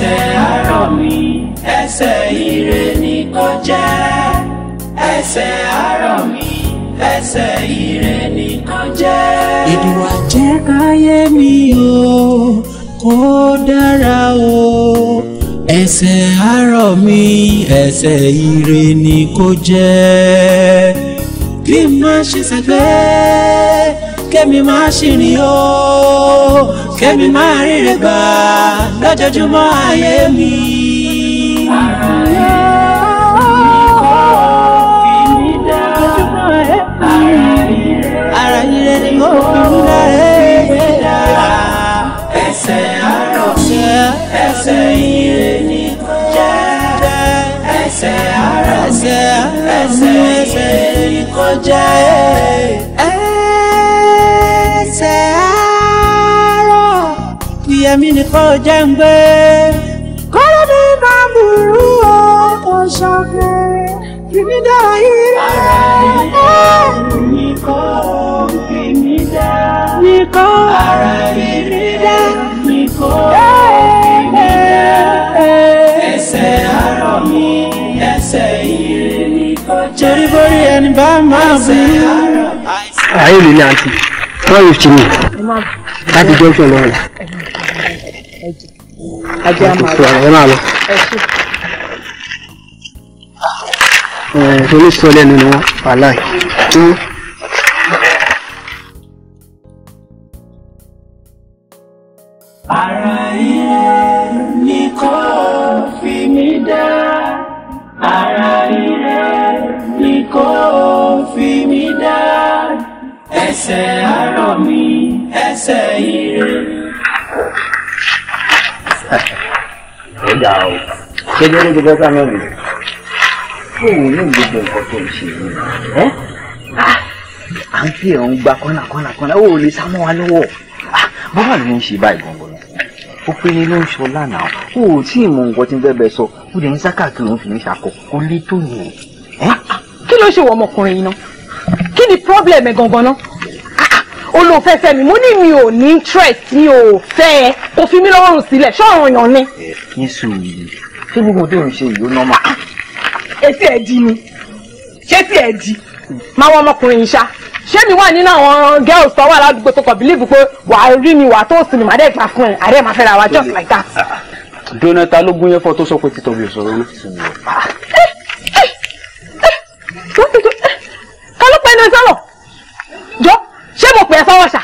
ẹsẹ̀ àárọ̀ mi ẹsẹ̀ ire ni kó jẹ́ ẹsẹ̀ àárọ̀ mi ẹsẹ̀ ire ni kó jẹ́. ìdùnnú àjẹkáyé mi o kó dára o ẹsẹ̀ àárọ̀ mi ẹsẹ̀ ire ni kó jẹ́ kí n má ṣe ṣẹgbẹ́ kémi má ṣìrìn o kémi má ríre gbà lójoojúmọ́ ayé mi. ara ire ni mo fi ń dá ẹ. ẹsẹ̀ àárọ̀ ẹsẹ̀ ire ni kò jẹ́ ẹsẹ̀ àárọ̀ ẹsẹ̀ ire ni kò jẹ́. èmi nìkan jẹ́ ń gbé. kọ́lá ní bàbúrú ọkọ̀ ṣọ́gbẹ́ kìmí dára yìí nìkọ́ kìmí dá. nìkọ́ ara ìlú dá. nìkọ́ kìmí dá. ẹsẹ̀ àárọ̀ mi ẹsẹ̀ ìrè nìkan jẹ́. torí borí ẹni bá máa bí. ayé mi ni àǹtí twelve fifteen ní láti junction lọ́wọ́ méjì ajé àmàlà ẹ máa lọ. oníṣòwò lẹ́nu ni wọ́n wàhálà yìí. ara ilé ni kò fi mí dá ara ilé ni kò fi mí dá ẹsẹ̀ àárọ̀ mi ẹsẹ̀ ire. dà e? o ṣé ní olóògbé bẹ́ẹ̀ sáà náà nì fóònù ní gbogbo nǹkan tó ń ṣe yìí ẹ́ à ń fi ẹ̀hún gba kọ́nà kọ́nà kọ́nà ó lè sá mọ́ wa lọ́wọ́ bọ́bá ló ń ṣe báyìí gbọ̀ngàn ó pé ní ló ń sọ lánàá ó ò tí ì mọ nǹkan tí ń bẹ́ẹ̀ bẹ́ẹ̀ sọ ó lè ń sá káàkiri òun fi ń ṣakọ kó lé tó yẹn ó ló fẹ́ fẹ́ mi mo ní mi ò ní interest mi ò fẹ́ ẹ kò fi mí lọ́rùn sílẹ̀ ṣọ́ọ̀rùn yàn ni. ẹ kí sùn yìí ṣé gbogbo tó ń ṣe ìlú nọ́mà. etí ẹ di ni ṣé tí ẹ di máa wọ ọmọkùnrin yìí ṣá ṣé mi wà nínú àwọn girls tó wà ládùúgbò tó kàn bílíìfù pé wà á rí mi wà á tó sinmi màá dẹ́ gbà fún ẹ àárẹ̀ máa fẹ́ra wa just like that. jonathan ló gún yẹn fọ tó sọ pé títọ́ bí òṣòro ló ti wọ̀. ká ló pẹ́ ní ọjọ́ lọ jọ́ ṣé mo pè ẹ́ sọ́wọ́ ṣá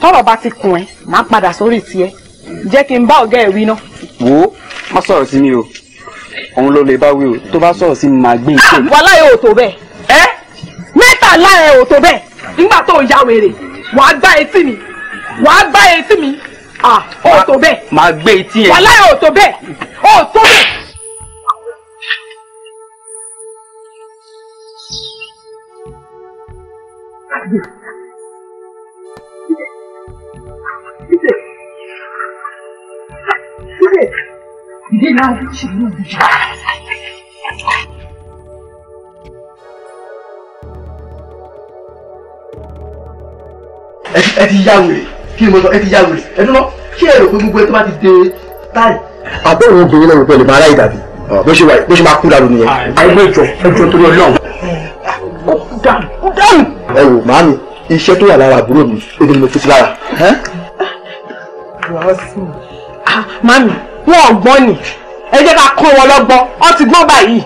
tọ́rọ̀ bá ti kùn ẹ́ máa padà sórí tiẹ̀ jẹ́ kí n bá ọ̀gá ẹ̀ wí ná. wo má sọ̀rọ̀ sí mi o òun ló lè bá wí o tó bá sọ̀rọ̀ sí mi máa gbé ìṣe mi. wàhálà yóò tó bẹ́ẹ̀ ẹ́ mẹ́tàlá ẹ̀ ò tó bẹ́ẹ̀ nígbà tó ya wèrè wàá gbá etí mi wàá gbá etí mi ah o tó bẹ́ẹ̀. máa gbé etí yẹn. wàhálà yóò tó bẹ́ẹ̀ ò tó bẹ́ẹ̀. Thank Dìde. Dìde. Dìde náà ṣe ní òbí jù. kí ni mo sọ ẹ ti yá wèrè kí ẹ rò pé gbogbo ẹ tó bá ti dé táì. Àbẹ̀wò obìnrin náà pẹ̀lú bàrá ìdàbí bó ṣe wà bó ṣe máa kú dànù nìyẹn. Àìgbé ìjọ ẹjọ́ torí Ọlọ́run. Ó kú dànù. Ẹ wò màámi iṣẹ́ tó wà lára àbúrò mi ó ní mo fi sí lára cross me. ah mami wọn ò gbọ́n ni ẹ jẹ́ ká kọ́ wọn lọ́gbọ́n ọ ti gbọ́n báyìí.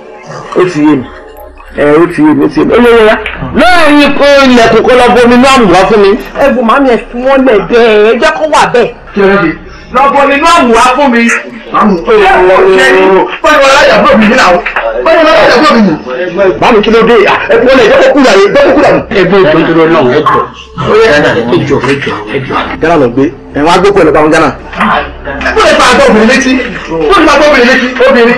ó ti yé mi ẹ ó ti yé mi ó ti yé mi olóyè ya lóòrìn kó ilẹ̀kùn kó lọ bomi náà mú wá fún mi. ẹ bù mami ẹ fi wọn lẹ bẹ́ẹ̀ ẹ jẹ́ kó wà bẹ́ẹ̀. kí ló dé lọ́bọ nínú àwòrán fún mi. báyọ̀ alájà fún mi nínú àwọn báyọ̀ alájà fún mi. báwo kí ló dé ẹ̀kọ́ lẹ̀ jẹ́kọ̀ kúrò rẹ̀ jẹ́kọ̀ kúrò rẹ̀. ẹgbẹ́ ìjọ ìjọ náà ẹjọ ẹjọ ẹjọ ẹjọ. gánà ló gbé ẹ̀wọ̀n agbó pẹ̀lú báwọn gánà. ẹgbẹ́ ìjọba àgbọ̀ obìnrin létí obìnrin àgbọ̀ obìnrin létí obìnrin.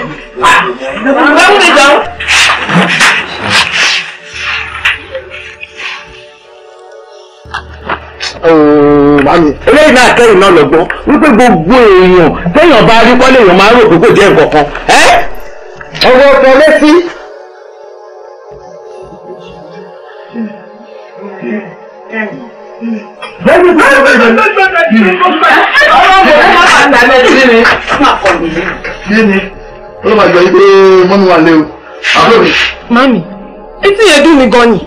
eléyìí náà kẹ́yìn náà lọ́gbọ́n wípé gbogbo èèyàn téèyàn bá rí wọ́n léèyàn máa ń rò pé kò jẹ́ nǹkan kan. ọwọ́ ọkọ létí. lẹ́yìn tó ń bẹ̀rẹ̀ ọlọ́run ọmọ àtàlẹ́ sí ni fún àkọ́bí yìí. kí ni ọlọ́mọ àjọ yìí pé mọ́nú wa lé o àbúrò mi. mami etí yẹn dùn mí gan ni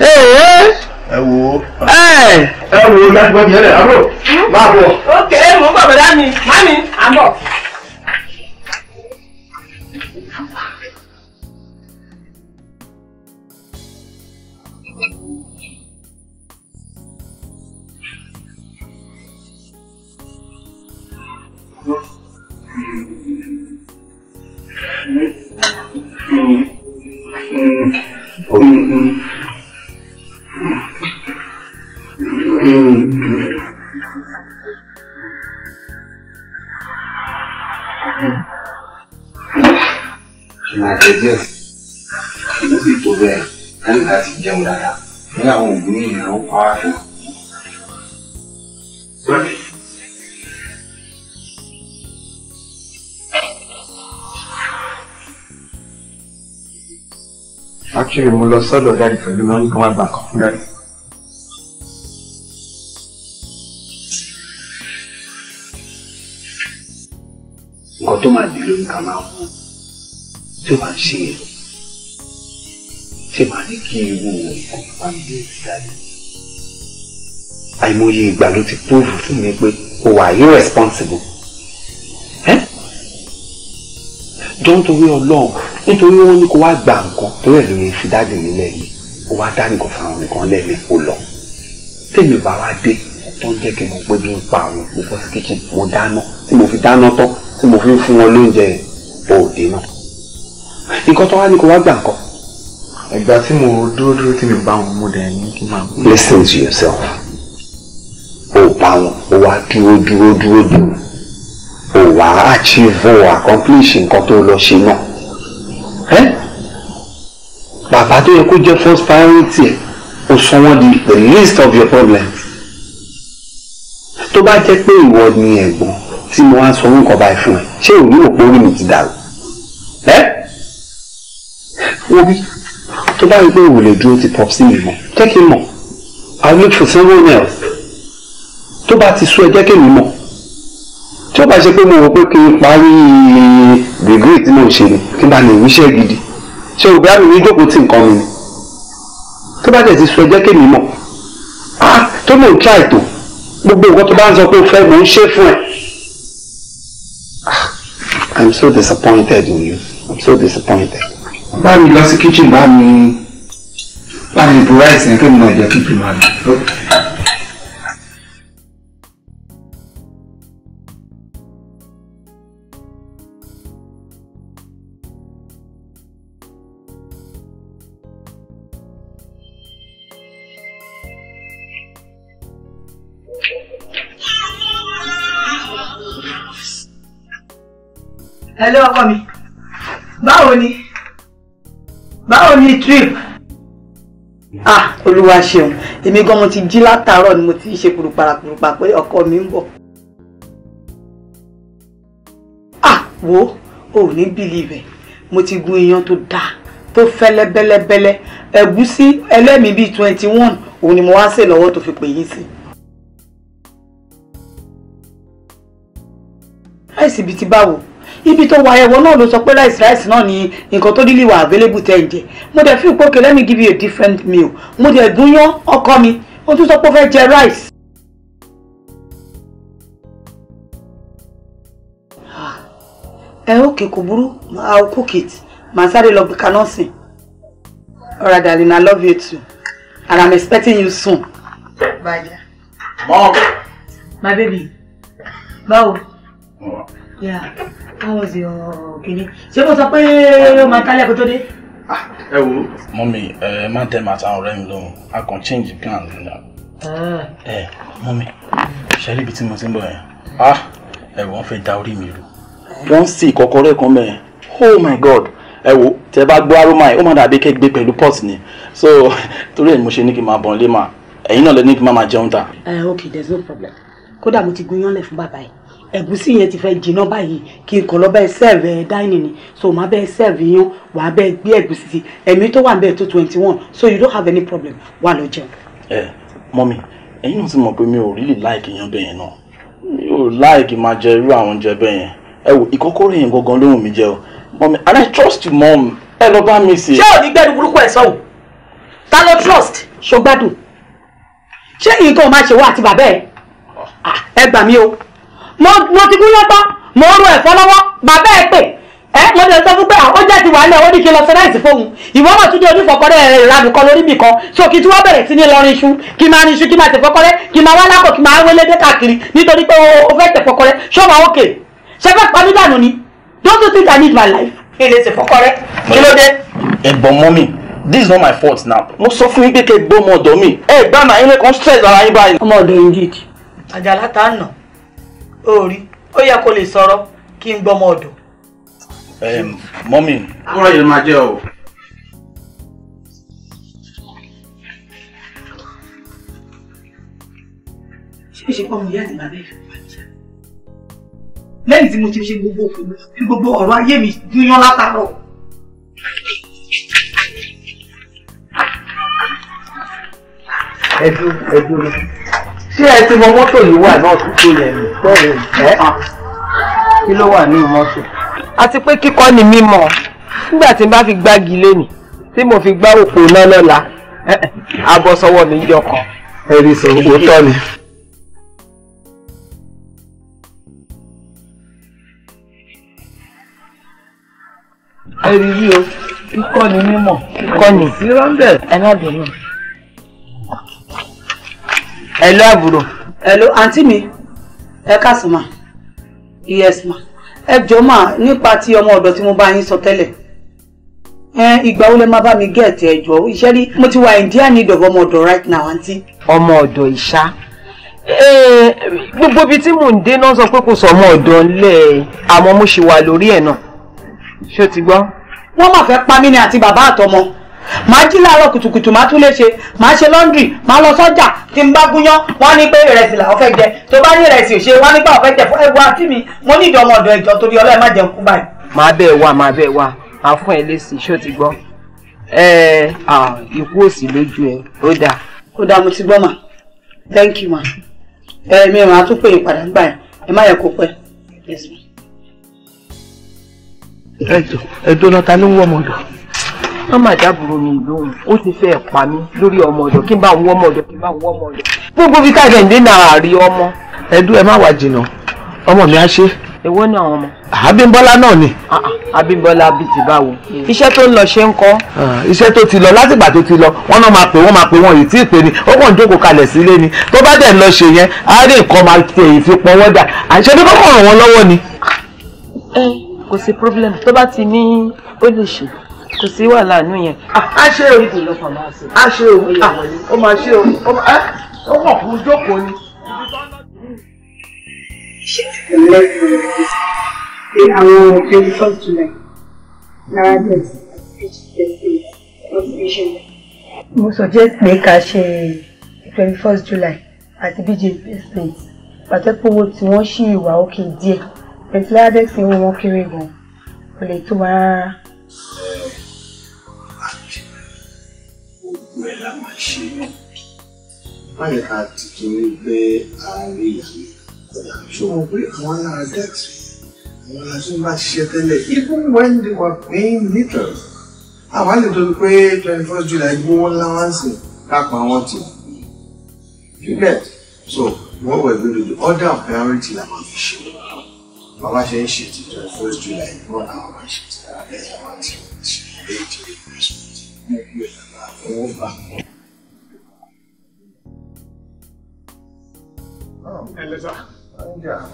ẹ wo ẹ wo láti gbọ́ bí ẹ lẹ̀ àbúrò máa bọ̀. ó kéré mú bàbá dá mi má àbọ̀. dádì mo lọ sọ́dọ̀ dádì pẹ̀lú wọn kí wọ́n gbà kàn dádì. nǹkan tó máa di lórí kan máa wú tí ó máa ń ṣe èrò tí màá ní kí ewu òògùn máa ń lé ìdájọ́. àìmọye ìgbà ló ti púrúfù fún mi pé o wà irresponsible. jọ́n torí ọlọ́run nítorí wọ́n ní kó wá gba nǹkan torí ẹ̀ lóye fi dáàdì yìí ó wá dá nǹkan fáwọn nǹkan lẹ́lẹ̀ ó lọ tèmi bá wá dé tó ń jẹ́ kí n pé bí n pa àwọn mo bọ́ sí kíchìn mo dáná tí mo fi dáná tán tí mo fi ń fún wọn lóúnjẹ òde náà nǹkan tó wá ní kó wá gba nǹkan. ìgbà tí mo dúró dúró tí mi bá wọn mo dẹ̀ ní kí n máa. listen to yourself o bá wọn o wá dúró dúró dúró dúró o wá achieve o accomplish nǹkan tó lọ ṣe náà bàbá tó yẹ kó jẹ́ first priority ẹ̀ o sọ wọ́n di the least of your problems tó bá jẹ́ pé ìwọ ni ẹ̀gbọ́n tí mo wá sọ nǹkan báyìí fún ẹ ṣé ò ní òpó orí mi ti dàrú ẹ wọ́n tó bá rí pé òun lè dúró ti pop sí mi mọ́ jẹ́ kí n mọ̀ i look for someone else tó bá ti sú ẹ jẹ́ kí n mọ̀ tí ó bá ṣe pé mo rò pé kí n parí degree tí mò ń ṣe ni kí n bá lè ríṣẹ́ gidi ṣé o bá mi ní jókòó tí nǹkan mi ni tó bá dẹ̀ ti sọ ẹjẹ́ kémi mọ̀ ah tó mò ń try tó gbogbo nǹkan tó bá ń sọ pé o fẹ́ mò ń ṣe fún ẹ. Ah, I'm so disappointed in you. I'm so disappointed. Bá lọ sí kitchen bá mi bu rice yẹn kí mi náà jẹ́ kí máa lọ. ọkọ mi báwo ni báwo ni trip ah olúwa ṣeun èmi gan mo ti jí látàárọ̀ ni mo ti ṣe kùrùpàrà kùrùpà pé ọkọ mi ń bọ̀ ah wo o ò ní bìlìbẹ mo ti gun iyán tó dáa tó fẹ́lẹ́ bẹ́lẹ́bẹ́lẹ́ ẹ̀gúsí ẹlẹ́mìí bíi twenty one òun ni mo wá sè lọ́wọ́ tó fi pè yín sí láìsí ibi tí báwo ibi tó wà ẹ̀wọ̀n náà ló sọ pé rice rice náà ni nǹkan tó nílì wà available tẹ̀ ń jẹ mo dẹ̀ fi ìpòkè let me give you a different meal mo dẹ̀ gúnyán ọkọ mi ó tún sọ pé ó fẹ́ jẹ rice. Ah, ẹ okay kò burú I'll cook it màá sáré lọ gbé kaná sìn alright darling I love you too and I'm expecting you soon. bye. mom. my baby báwo how was your kini ṣé mo sọ pé ó máa kálẹ̀ kó tó dé. Ah, ẹ wo mọ́mí ẹ má tẹ́ màá sáwọn ọ̀rẹ́ mi lọ́hùn a kàn change plan nínú. Ah. ẹ mọ́mí ṣẹlẹ̀ ibi tí mo ti ń bọ̀ yẹn ah, ẹ wọ́n fẹ́ da orí mi rú. wọ́n ń sin ìkọ́kọ́rọ́ ẹ̀kan mẹ́rin oh my god ẹ wo tẹ bá gbọ́ aroma yìí ó má dàbí kẹ́gbẹ́ pẹ̀lú pot ni so torí ẹ̀ ni mo ṣe ní kí n máa bọ̀ lé mà ẹ̀yin náà lẹ ní kí n má máa jẹun ta. Eh, ok there is no problem kódà mo ti gún yánlẹ̀ fún bàbá yìí ẹ̀gúsí yẹn ti fẹ́ jiná báyìí kí n kàn lọ bẹ́ẹ̀ ẹ̀ dáìnì ni so màá bẹ́ẹ̀ sẹ́ẹ̀rẹ̀ yán wàá bẹ́ẹ̀ gbé ẹ̀gúsí sí ẹ̀mí tó wà bẹ́ẹ̀ tó twenty one so you don't have any problem wà lọ jẹun. ẹ mọ́mí ẹ̀yin náà ti mọ̀ pé mi ò really like yan bẹ́ẹ̀ yẹn náà mi ò like máa jẹ irú àwọn oúnjẹ bẹ́ẹ̀ yẹn ẹ wò ìkọ́kọ́rọ́ yẹn gangan lóhùn mi jẹ o mọ́mí and I trust you mom ẹ lọ bá mi ṣe. ṣé ò ní gbẹ́dùn burúkú ẹ̀ sọ́wọ́ ta ló trust ṣó gbádùn ṣé nǹkan ò máa ṣe wá àti bàbá ẹ ah, ẹ gbà mí o mo ti kú lọ́tọ́ mo rú ẹ̀fọ́ lọ́wọ́ bàbá ẹ pè ẹ mo ti sọ fún pé àwọn jáde wà lẹ́wọ́ ní kí n lọ sẹ́láìsì fóun ìwọ náà tún dé onífọkọrẹ́ rẹ̀ ìranù kan lórí mi kan so kí tí wọ́n bẹ̀rẹ̀ sí ní lọrin iṣu kí máa ní iṣu kí máa tẹ̀fọ́kọrẹ́ kí máa wá lápò kí máa wọlé dé káàkiri nítorí pé o fẹ́ tẹ̀fọ́kọrẹ́ ṣọ́wọ́ òkè ṣe fẹ́ pa mí dànù ni don't you think I need my life kí n lè tẹ̀fọ́kọrẹ́ kí ló dé. ẹ̀bọ̀n mọ́mì this is not my fault now mo sọ fún yín pé kẹ́ gbọ́ ọmọ ọ̀dọ̀ mi ẹ gbá màá yín lẹ́kọ̀ọ́ stress ara yín báyìí. ọmọ ọ̀dọ̀ indeed àjàlá tá a nà orí ó yẹ kó lè sọ̀rọ̀ kí n gbọ́mọ ọ̀dọ̀. mọ́mì. kúrò yẹn máa jẹ́ o. ṣé ìṣe pọ́nmù yá àti bàbá ẹ̀ lẹ́yìn tí mo ti ṣe gbogbo òkèlú gbogbo ọ̀rọ̀ ayé mi dúnyán látàárọ̀. ẹ dúró ẹ dúró ṣé ẹ ti mọ mọ́tò yìí wà náà tó tó yẹn ni bẹ́ẹ̀ ni ẹ́ ah. kí ló wà nínú mọ́tò. àti pé kíkọ́ ni mímọ̀ nígbà tí n bá fi gbági lénìí tí mo fi gbá òpó náà lọ́la abọ́ sọ́wọ́ mi jọ kan. ẹ rí sọ òótọ́ ni. ẹ rí rí o kíkọ́ ni mímọ̀ kíkọ́ ni ẹ má bẹ̀rù. Hello àbúrò. Hello auntie me. ẹ káàsán yes ma. ẹ jọ mà nípa ti ọmọ ọ̀dọ̀ tí mo bá yín sọ tẹ́lẹ̀ ìgbà wo lẹ máa bá mi gẹ̀ẹ́tì ẹ̀jọ̀ iṣẹ́ rí mo ti wà india need of ọmọ ọ̀dọ̀ right now àǹtí. ọmọ ọ̀dọ̀ ìṣá gbogbo ibi tí mò ń dé náà sọ pé so sọ ọmọ ọ̀dọ̀ ńlẹ̀ àmọ́ mo ṣì wà lórí ẹ̀ náà ṣé o ti gbọ́. wọ́n mà fẹ́ pa mí ni àti bàbá àtọmọ màá jí láàárọ̀ kùtùkùtù màá tún lè ṣe màá ṣe lọ́ndrì màá lọ sọ́jà tí n bá gúnyán wọ́n ní pé ìrẹsì làwọn fẹ́ jẹ tó bá ní ìrẹsì ò ṣe wọ́n nípa ọ̀fẹ́ jẹ fún ẹgbẹ́ àti mi mo ní ìdánwò ọ̀dọ̀ ìjọ torí ọlọ́ọ̀ má jẹun kú báyìí. màá bẹ́ẹ̀ wá màá bẹ́ẹ̀ wá màá fún ẹ lésì ṣé o ti gbọ́ ẹ ẹ ikú òsì lójú ẹ ó dáa. ó dáa mo ti gbọ́ mà thank you ma ẹ mi ràn á tún pè é padà gbà ẹ má yẹ kó pẹ́ yes ma. ẹ jọ ẹ dọ́nà ta ló ń wọ́ ọmọdọ̀ wọ́n máa dábùrò mi lóhùn ó ti fẹ́ pa mí lórí ọmọ ọ̀dọ̀ kí n bá wọ́n ọmọ ọ̀dọ̀ kí n bá wọ́n ọmọ ọ̀dọ̀ gbogbo bí káàdì ẹ̀ǹdé náà rí ọmọ. ẹdú ẹ má wá jìnnà ọmọ mi á ṣe. èwo ni àwọn ọmọ. Abímbọ́lá náà ni. Ah, ah, Abímbọ́lá bíi ti báwo iṣẹ́ tó ń lọ ṣe ń kọ́. Ah, iṣẹ́ tó ti lọ látìgbà tó ti lọ wọ́n náà máa pè wọ́n máa pè wọ́n yìí tí ì pè ní ó kàn ń jókòó kalẹ̀ sílé ni tó bá dẹ̀ lọ ṣe yẹn á rí nǹkan máa ti èyí fi pọn wọ́dà eh, kò sí problem tó bá ti ní ó lè ṣe kò sí wàhálà nù yẹn. Ah, a ṣe o a ṣe o ah, ó máa ṣe o ó mọ̀ fún jókòó ni. ṣé ẹlẹ́sìn ṣe àwọn twenty four july náírà tẹ̀sí àti tẹ̀sí ọ̀sibíṣẹ́. mo suggest pé ká ṣe twenty first july àti bjp state pàtẹ́pọ̀wọ́ tí wọ́n ṣì wà òkè díẹ̀ pẹ̀lú adẹ́sìn wọn kéré gan-an kò lè tó wá rárá ẹ̀ la máa ṣe é báyìí ká ti torí pé a rí ìyàwó wọn pé àwọn alára dẹ́tì àwọn aláṣẹ bá ṣiṣẹ́ tẹ́lẹ̀ even when they were paying little àwọn àlè torí pé twenty first July gbówó ńlá wá ń sìn kápá wọn ti you get so what we're going to do order of priority la máa fi ṣe bàbá ṣe ń ṣe ti twenty first July ní wọn àwọn máa ṣe ti twenty first July ní wọn ti ṣe late late Christmas over. Hello, sir.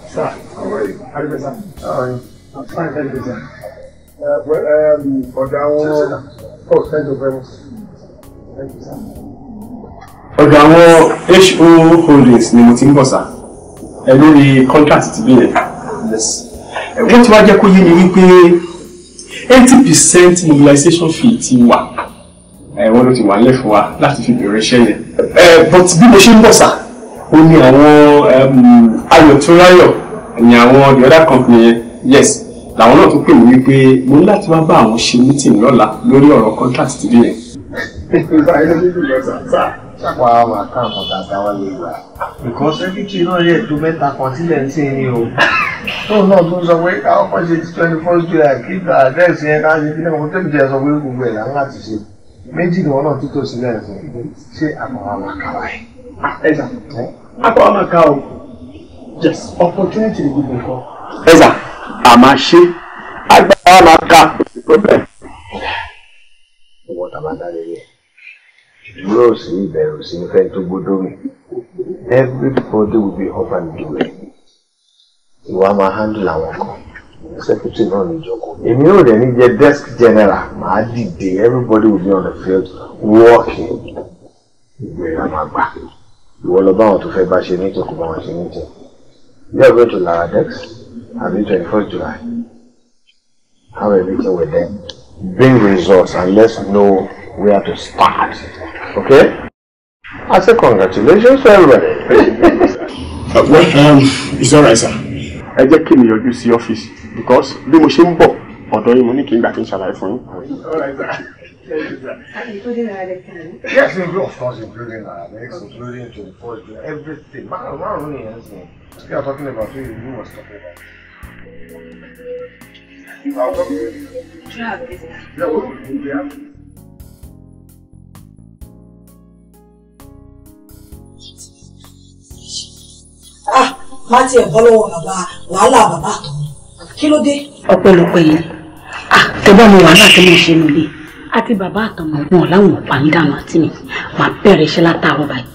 Sir, how are you? I'm fine, thank you, sir. Uh, well, um, ọ̀dọ̀ àwọn... Oh, thank you very much. Thank you, sir. ọ̀dọ̀ àwọn HO holdings ni mo ti ń bọ̀ sá ẹ lórí contract ti bí yẹn. ẹ tí wàá jẹ́ kó yé mi wípé eighty percent mobilization fee ti wà ló ti wà nílẹ̀ fún wa láti fi bẹ̀rẹ̀ iṣẹ́ yẹn. ẹ but bí mo ṣe ń bọ̀ sá ó ní àwọn ayọ̀ tó ráyọ̀ ní àwọn the other company yẹn yes làwọn náà tó pè mí wípé mo ní láti wá bá àwọn ṣe meeting lọ́la lórí ọ̀rọ̀ contract ti dé yẹn. báyìí ló ń lọ sá sá sápò àwọn máa ká àwọn dàda wá lè wà. nǹkan sẹ́kítì náà yẹ tó mẹ́ta kan sílẹ̀ ń sìn ní o. tóun náà tó ń sọ pé káwọn kan ṣe twenty first july kí ìgbà àdẹ́sì yẹn ká ṣe bí náà mo tẹ́bi jẹ́ sọ pé gbogbo ẹ̀ là ń láti ṣe méjì ni wọn náà tún tò sílẹ̀ fún ṣé àpàwọn àmàkàwà ẹ̀ ẹ̀zà àpàwọn àmàkàwà o yes opportunity ni gbogbo nǹkan. ẹ̀zà àmà ṣe agbára àmàkà problem. ọwọ́ tàbá dá lórí ẹ̀ ìdúró sí ìbẹ̀rù sí ń fẹ́ tó gbódó mi everybody will be up and doing ìwà máa handle àwọn kan secretary náà ní ìjókòó èmi ò dẹ̀ ní jẹ́ desk general màá dìde everybody will be on the field working ìgbẹ́ ìlà máa gbà ìwọ lọ bá àwọn tó fẹ́ bá ṣe ní ìtọ́kùn bá wọn ṣe ní ìtọ́kùn yóò gbé to Laradex àbí twenty first July have a meeting with them bring results and let's know where to start okay I say congratulations to everybody. uh, well, um, it's all right, sir ẹ jẹ́ kí mi yọjú sí ọ́fíìsì because bí mo ṣe ń bọ̀ ọ̀dọ̀ yìí mo ní kí n gbà kí n ṣàlàyé fún yín. Yes, of course, including our uh, legs, including to the first day, everything. Man, man, really, yes, man. You are talking about who you must talk about. I'll talk to you. Yeah, we'll be happy. Ah! má ti ẹ̀kọ́ lọ́wọ́ bàbá wàhálà bàbá àtọ̀ kí ló dé. ọpẹ́lọpẹ́ yìí àtẹbọ mi wàhálà tí mo ṣe nílé àti bàbá àtọmọ wọn làwọn ọ̀pá ń dànù àti mi máa bẹ̀rẹ̀ iṣẹ́ látàárọ̀ báyìí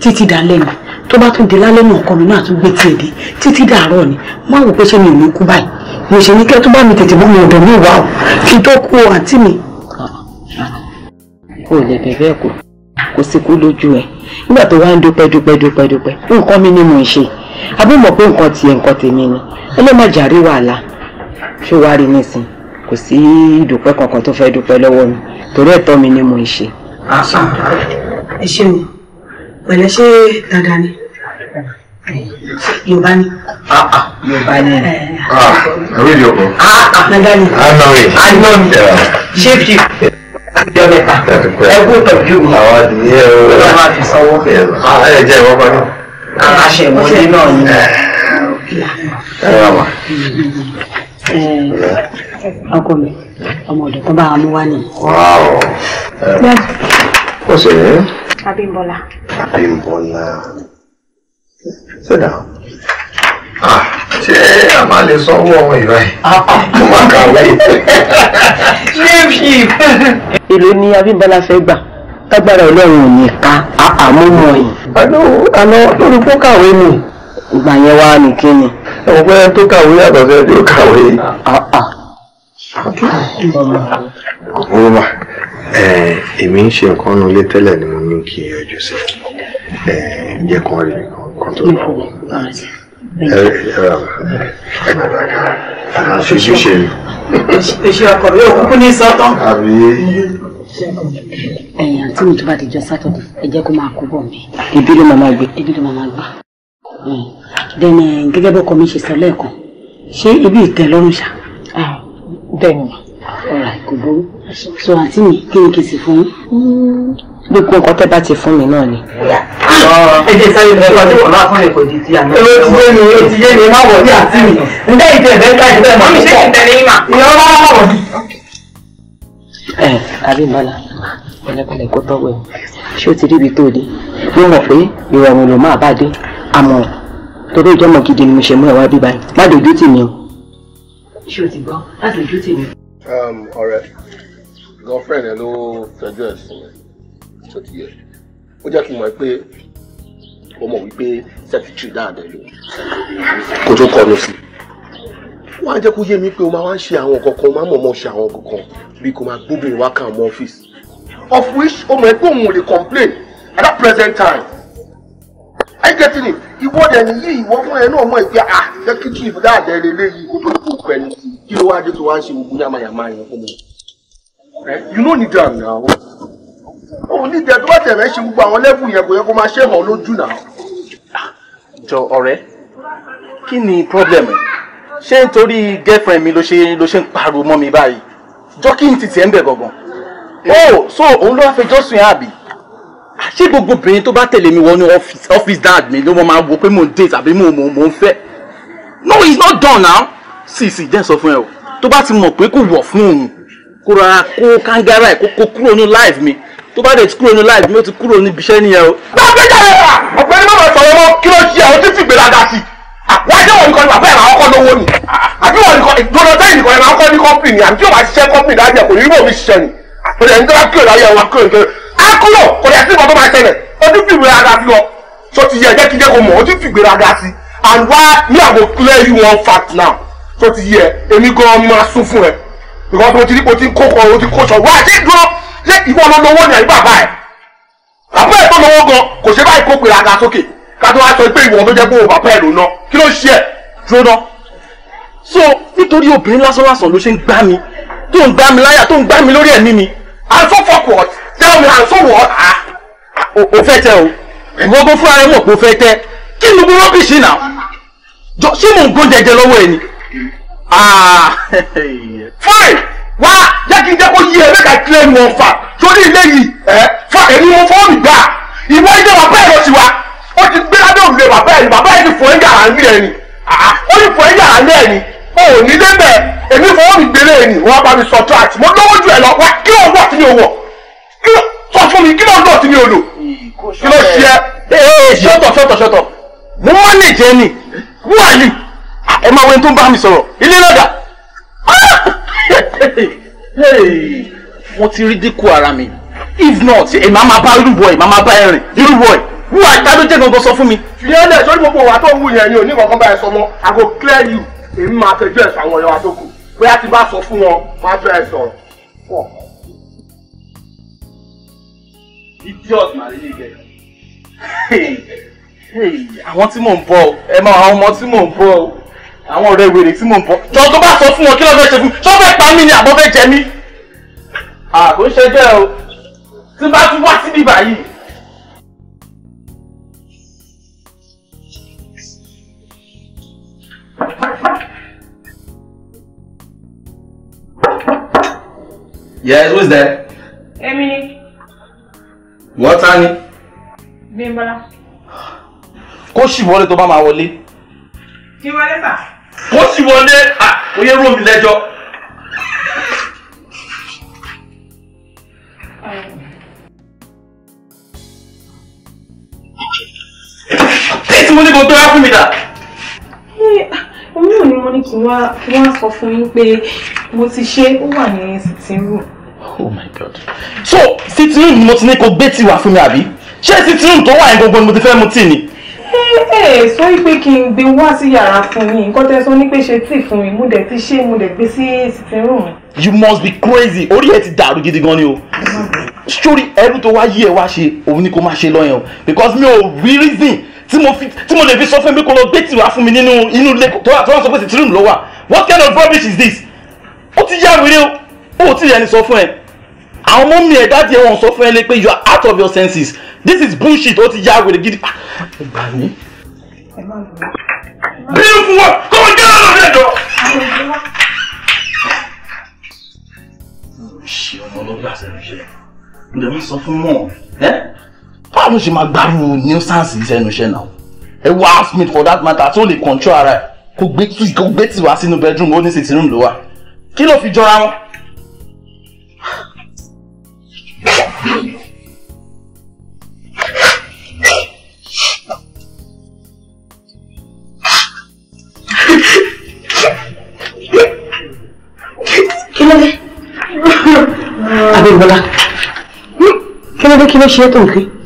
títí dalẹ́ mi tó bá tún di lálẹ́ náà ọkọ mi náà tún gbé tiẹ̀ dé títí dàárọ̀ ni mo á wò pé ṣé mi ò ní kú báyìí mo ṣe ní kẹ́ tó bá mi tètè bọ́ mi ọ̀dọ̀ mi wà ó kí n tó kú àǹtí mi. kò lè bẹ̀bẹ̀ kù kò sì kú lójú ẹ̀ nígbà tó wá ń dúpẹ́ dúpẹ́ dúpẹ́ dúpẹ́ nǹkan mi ni mò ń ṣe àbí mọ̀ pé nǹkan tiẹ̀ nǹkan tèmi ni ẹlẹ́mọ̀jà rí wàhálà ṣé wàá rí nísìn kò sí ìdúpẹ́ kankan tó fẹ́ dúpẹ́ lọ́wọ́ mi torí ẹ̀tọ́ mi ni mò ń ṣe. ẹ ṣeun pẹ̀lẹ́ ṣé dandan ni yorùbá ni. Ah, ah. yorùbá ni. àwọn èdè ọkọ. dandan ni. àná mi. àná mi. ṣé fi ẹgbẹ́ tọ̀jú mi. àwọn adìyẹ o. ọlọ́run á fi sanwó. ẹ jẹ́ ìwọ́pọ̀ ni aṣẹ̀wọlé náà ni. Eh, eh, eh, ọkọ mi ọmọ ọ̀dọ̀ tó bá wa mú wá nìyí. ó sì ní. Abímbọ́lá. Abímbọ́lá sit down. Ah, ṣé a máa lè sanwó ọmọ ìlú ẹ. Ah, ah. mo máa kàwé. ṣé èlò ni Abímbọ́lá fẹ́ gbà tágbára ọlọ́run ò ní ká àmúmọ̀ yìí. àná lórí fún kàwé ni. ìgbà yẹn wá ní kí ni. ẹ̀wọ̀n pé tó kàwé yàtọ̀ sí ẹni tó kàwé. ọmọ èmi ń ṣe nǹkan nu ilé tẹ́lẹ̀ ni mo ní kí n yọjú sí jẹ́ kan rí kan tó lọ. ojúṣe mi. ìṣe ọkọ̀ yóò kúkú ní sọ́tọ̀ ẹ̀yìn àǹtí mi tó bá ti jọ sátọ̀dẹ̀ ẹ jẹ́ kó máa kó bọ̀ mí. ibi ló máa gbé. ibi ló máa gbé. dẹ́nu eh, eh, gẹ́gẹ́ bọ́kọ mi ṣe sọ lẹ́ẹ̀kan ṣé ibi ìtẹ́lọ́rùn ṣá. Ah, bẹ́ẹ̀ni ọ̀rà kò burú so àǹtí mi kí ni kí n sì fún yín. gbogbo nǹkan tẹ́ bá ti fún mi náà ni. Ah, ẹ jẹ́ sáré mi lọ́wọ́ nípa máa fún ẹ̀kọ́ di ti àná. ó ti yé mi ó ti yé mi má wọ̀ ní àǹtí mi. ǹjẹ́ ìtẹ̀ bẹ́ẹ̀ ká ìtẹ̀ mọ́ mi. mọ́mí ṣe ìtẹ̀lé yín mà. ìyá ọlọ́wọ́ wọ̀ abimọla pẹ̀lẹ́pẹ̀lẹ́ kó tọwọ́ ẹ ṣé o ti ríbi tó o dé mo mọ̀ pé ìrọ̀rùn ló máa bá dé àmọ́ torí ìjọmọ gidi ni mo ṣe mú ẹ wá bí báyìí má dojú tì mí o. ṣé o ti gbọ́ má dojú tì mí. Um, ọ̀rẹ́ girlfriend ẹ ló fẹjọ́ ẹ̀ sùn tó ti yẹ ó jẹ́ kí n mọ̀ pé ó mọ̀ wípé secretary dáadáa ló kó tó kọnu sí i wọ́n á jẹ́ kó yé mi pé o máa wá ń ṣe àwọn kankan o máa mọ̀ mọ́ ṣe àwọn kankan bí kò máa gbóbìnrin wá kàn mọ́ ọ́fíìsì of which ọmọ ẹgbẹ́ òun ò lè complain at that present time i get it ìwọ dẹ̀ nìyí ìwọ fún ẹ náà mọ̀ ìpè à ah, jẹ́ kí chief dáadẹ́ lè léyìí kó tó kú pẹ̀lú kí ló wáá dé tó wá ń ṣe gbogbo yàmàyàmà yẹn fún mi eh, you no need am now o ní ìdẹ tó bá tẹ̀lé ṣe gbogbo àwọn lẹ́bù yẹn kò yẹ kó máa ṣe hàn lójú náà. Ah, jọ ọ̀rẹ́ kí ni problem ẹ ṣé nítorí girlfriend mi ló ṣe ló ṣe ń pariwo mọ́ mi báyìí jọ́kì ní títì ẹ̀ ń bẹ̀ gangan. oh so òun ló wá fẹjọ́ sùn yẹn àbí. ṣé gbogbo obìnrin tó bá tẹ̀lé mi wọnú ọ́fíìsì dad mi ló mọ̀ máa wo pé mò ń date àbí mò ń fẹ́. no it's not done now. sì sì jẹ́ sọ fún ẹ o tó bá ti mọ̀ pé kò wọ̀ fún òun kó ra kó kángára ẹ̀ kó kúrò ní life mi tó bá dẹ̀ ti kúrò ní life mi ó ti kúrò níbi iṣẹ́ nìyẹn o. bá a gbé jáde rà ọ̀pẹ́ ní bàbá ìfọwọ́mọ́ kí ló ṣe àwọn tí fìgbéraga sí i wáyé wọn nìkan ni bàbá ẹ̀ máa kọ́ lówó ni àbí wọn nìkan donald tẹ́yìn nìkan ẹ̀ máa kọ́ ní kọ́pìnì àbí tí wọn bá ṣiṣẹ́ kọ́pìnì láyé kò ní rí bòmí ṣiṣẹ́ ni òde ẹni tó bá kúrò láyé wa kúrò nítorí á kúrò kò dẹ̀ sí ìbọn tó máa ṣẹlẹ̀ ojú fìgbè rárá sí lọ so ti yẹ jẹ́ kí jẹ́ kó mọ̀ ojú fìgbè rárá sí and wá ní àgbo clear you one fact now so ti yẹ èmi gan máa sún fún ẹ because mo ti rí mo ti kó kọ mo ti kó sọ wá ṣé dúró ṣé ìwọ lọ lọ́wọ́ ni àyè bàbá ẹ bàbá ẹ tó lọ́wọ́ gan kò ṣe báyìí kó pèrè àga sókè kátó wá sọ pé ìwọ tó jẹ́ pé òun bàbá ẹ̀ ló ná kí ló ṣe ẹ̀ dúró ná. so nítorí obìnrin lásánlásán ló ṣe ń gbá mi tó ń gbá mi láyà tó ń gbá mi lórí ẹ̀mí mi. and so fuck what tell me and so what. Ah, o fẹ́ tẹ o ìwọ gbọ́ fúnra rẹ mọ̀ pé o fẹ́ tẹ kí ni gbogbo rọ́bìṣì náà jọ ṣé mò ń gún jẹjẹ lọ́wọ́ ẹ ni. Ah, fine wá jẹ́ kí n jẹ́ kó yí ẹ mẹ́ta kílẹ̀ ní wọn fà sórí ilé yìí fà èmi wọn fọ́ọ̀mù gbà ìwọ ìjọba bẹ́ẹ̀ lọ sí wa ó ti gbé lábẹ́ òrùlé bàbá ẹ̀ ni bàbá ẹ̀ ti fò ẹ́jà à ń rí ẹ̀ ni ó ti fò ẹ́jà à ń rí ẹ̀ ni o ò ní débẹ̀ èmi fọwọ́ mi gbélé ẹ̀ ni wọ́n bá mi sọ tíráàtì mo lówó ju ẹ̀ lọ wá kí ló ń wọ̀ tí mi ò wọ̀ sọ fún mi kí ló ń lọ tí mi ò lò kí ló ṣe ẹ. ṣọ́tọ̀ ṣọ́tọ̀ ṣọ́tọ̀ mo máa lè jẹ ni wúwàlì ẹ máa wo ẹni tó ń bá mi sọ̀rọ̀ ilé lọ́dà ah! mo ti rí dínkù ara mi if not èmi á máa bá irú bọ̀ ẹ̀ máa máa bá ẹ̀rìn irú bọ̀ ẹ̀ wú àtàlù jẹ́ gangan sọ fún mi. fìyẹ́lẹ̀ sórí gbogbo wa tó ń wù yẹn ni ò ní kankan báyìí sọ mọ́ i go clear you èmi máa fẹjọ́ ẹ̀sùn àwọn ọ̀yọ́ wa tó kù bóyá ti bá sọ fún wọn máa fẹ́ ẹ̀ sọ̀rọ̀. idiot màá lè gẹ̀. àwọn tí mò ń bọ̀ ẹ máa àwọn ọmọ tí mò ń bọ̀ àwọn ọ̀rẹ́ wèrè tí mò ń bọ̀. jọ tó bá sọ fún wọn kí ló fẹ́ ṣe fún sọ fẹ́ pa mí ni àbọ̀ fẹ́ jẹ mí. àkóńṣe jẹ́ o tí bá tún wá síbí báyìí Yes, who is there? Emily. Wọ́n ta ni? Bímbọ́lá. Kó sì wọlé tó bá máa wọlé. Kí wọlé bá? Kó sì wọlé, kò yẹ rò mí lẹ́jọ́. Tí mo ní kò tó rá fún mi dà òun náà ni mo ní kí wá kí wá sọ fún yín pé mo ti ṣe ó wà ní sitting room. oh my god so sitting room ni mo ti ní kó gbé tí wá fún mi àbí ṣé sitting room tó wà yẹn gbogbo ni mo ti fẹ́ mu tí ni. ẹ ẹ sọ pé kí n gbé wá sí yàrá fún yín nǹkan tẹ sọ ní pé ṣe tíì fún mi mo dẹ̀ ti ṣe mo dẹ̀ gbé sí sitting room. you must be crazy orí ẹ ti dàrú gidi gan ni o sórí ẹrú tó wá yí ẹ wá ṣe òun ni kó má ṣe lọ́yàn o because mi ò rí reason tí mo fi tí mo lè fi sọ fún mi kó lọ gbé tìwá fún mi nínú inú ilé tó wà tó wà sọ pé sì tìrìmù ló wà what kind of rubbish is this ó ti yá wílé o ó ti yẹni sọ fún ẹ àwọn ọmọ mi ẹ̀dá díẹ̀ wọn sọ fún ẹ lé pé you are out of your senses this is bullshit ó ti yá wílé gidi. Ah, ẹ gbà mí. bí n fún wa kó o jẹ́ ọ̀rọ̀ rẹ̀ jọ. ṣé ọmọ ọlọ́gbà sẹ́nu ṣe ǹjẹ́ mi sọ fún mọ́ ẹ́ báwo ló ṣe máa gbárù nuisance yìí sẹ́nu iṣẹ́ náà ẹ wá housemate for that matter So lè control ara ẹ̀ kó gbé tù kó gbé tì wá sínú bedroom Only ní sitting room ló wà kí ló fi jọra wọn. kí ló dé Abímbọ́lá hmm? kí ló dé kí ló ṣe é tó nǹkan.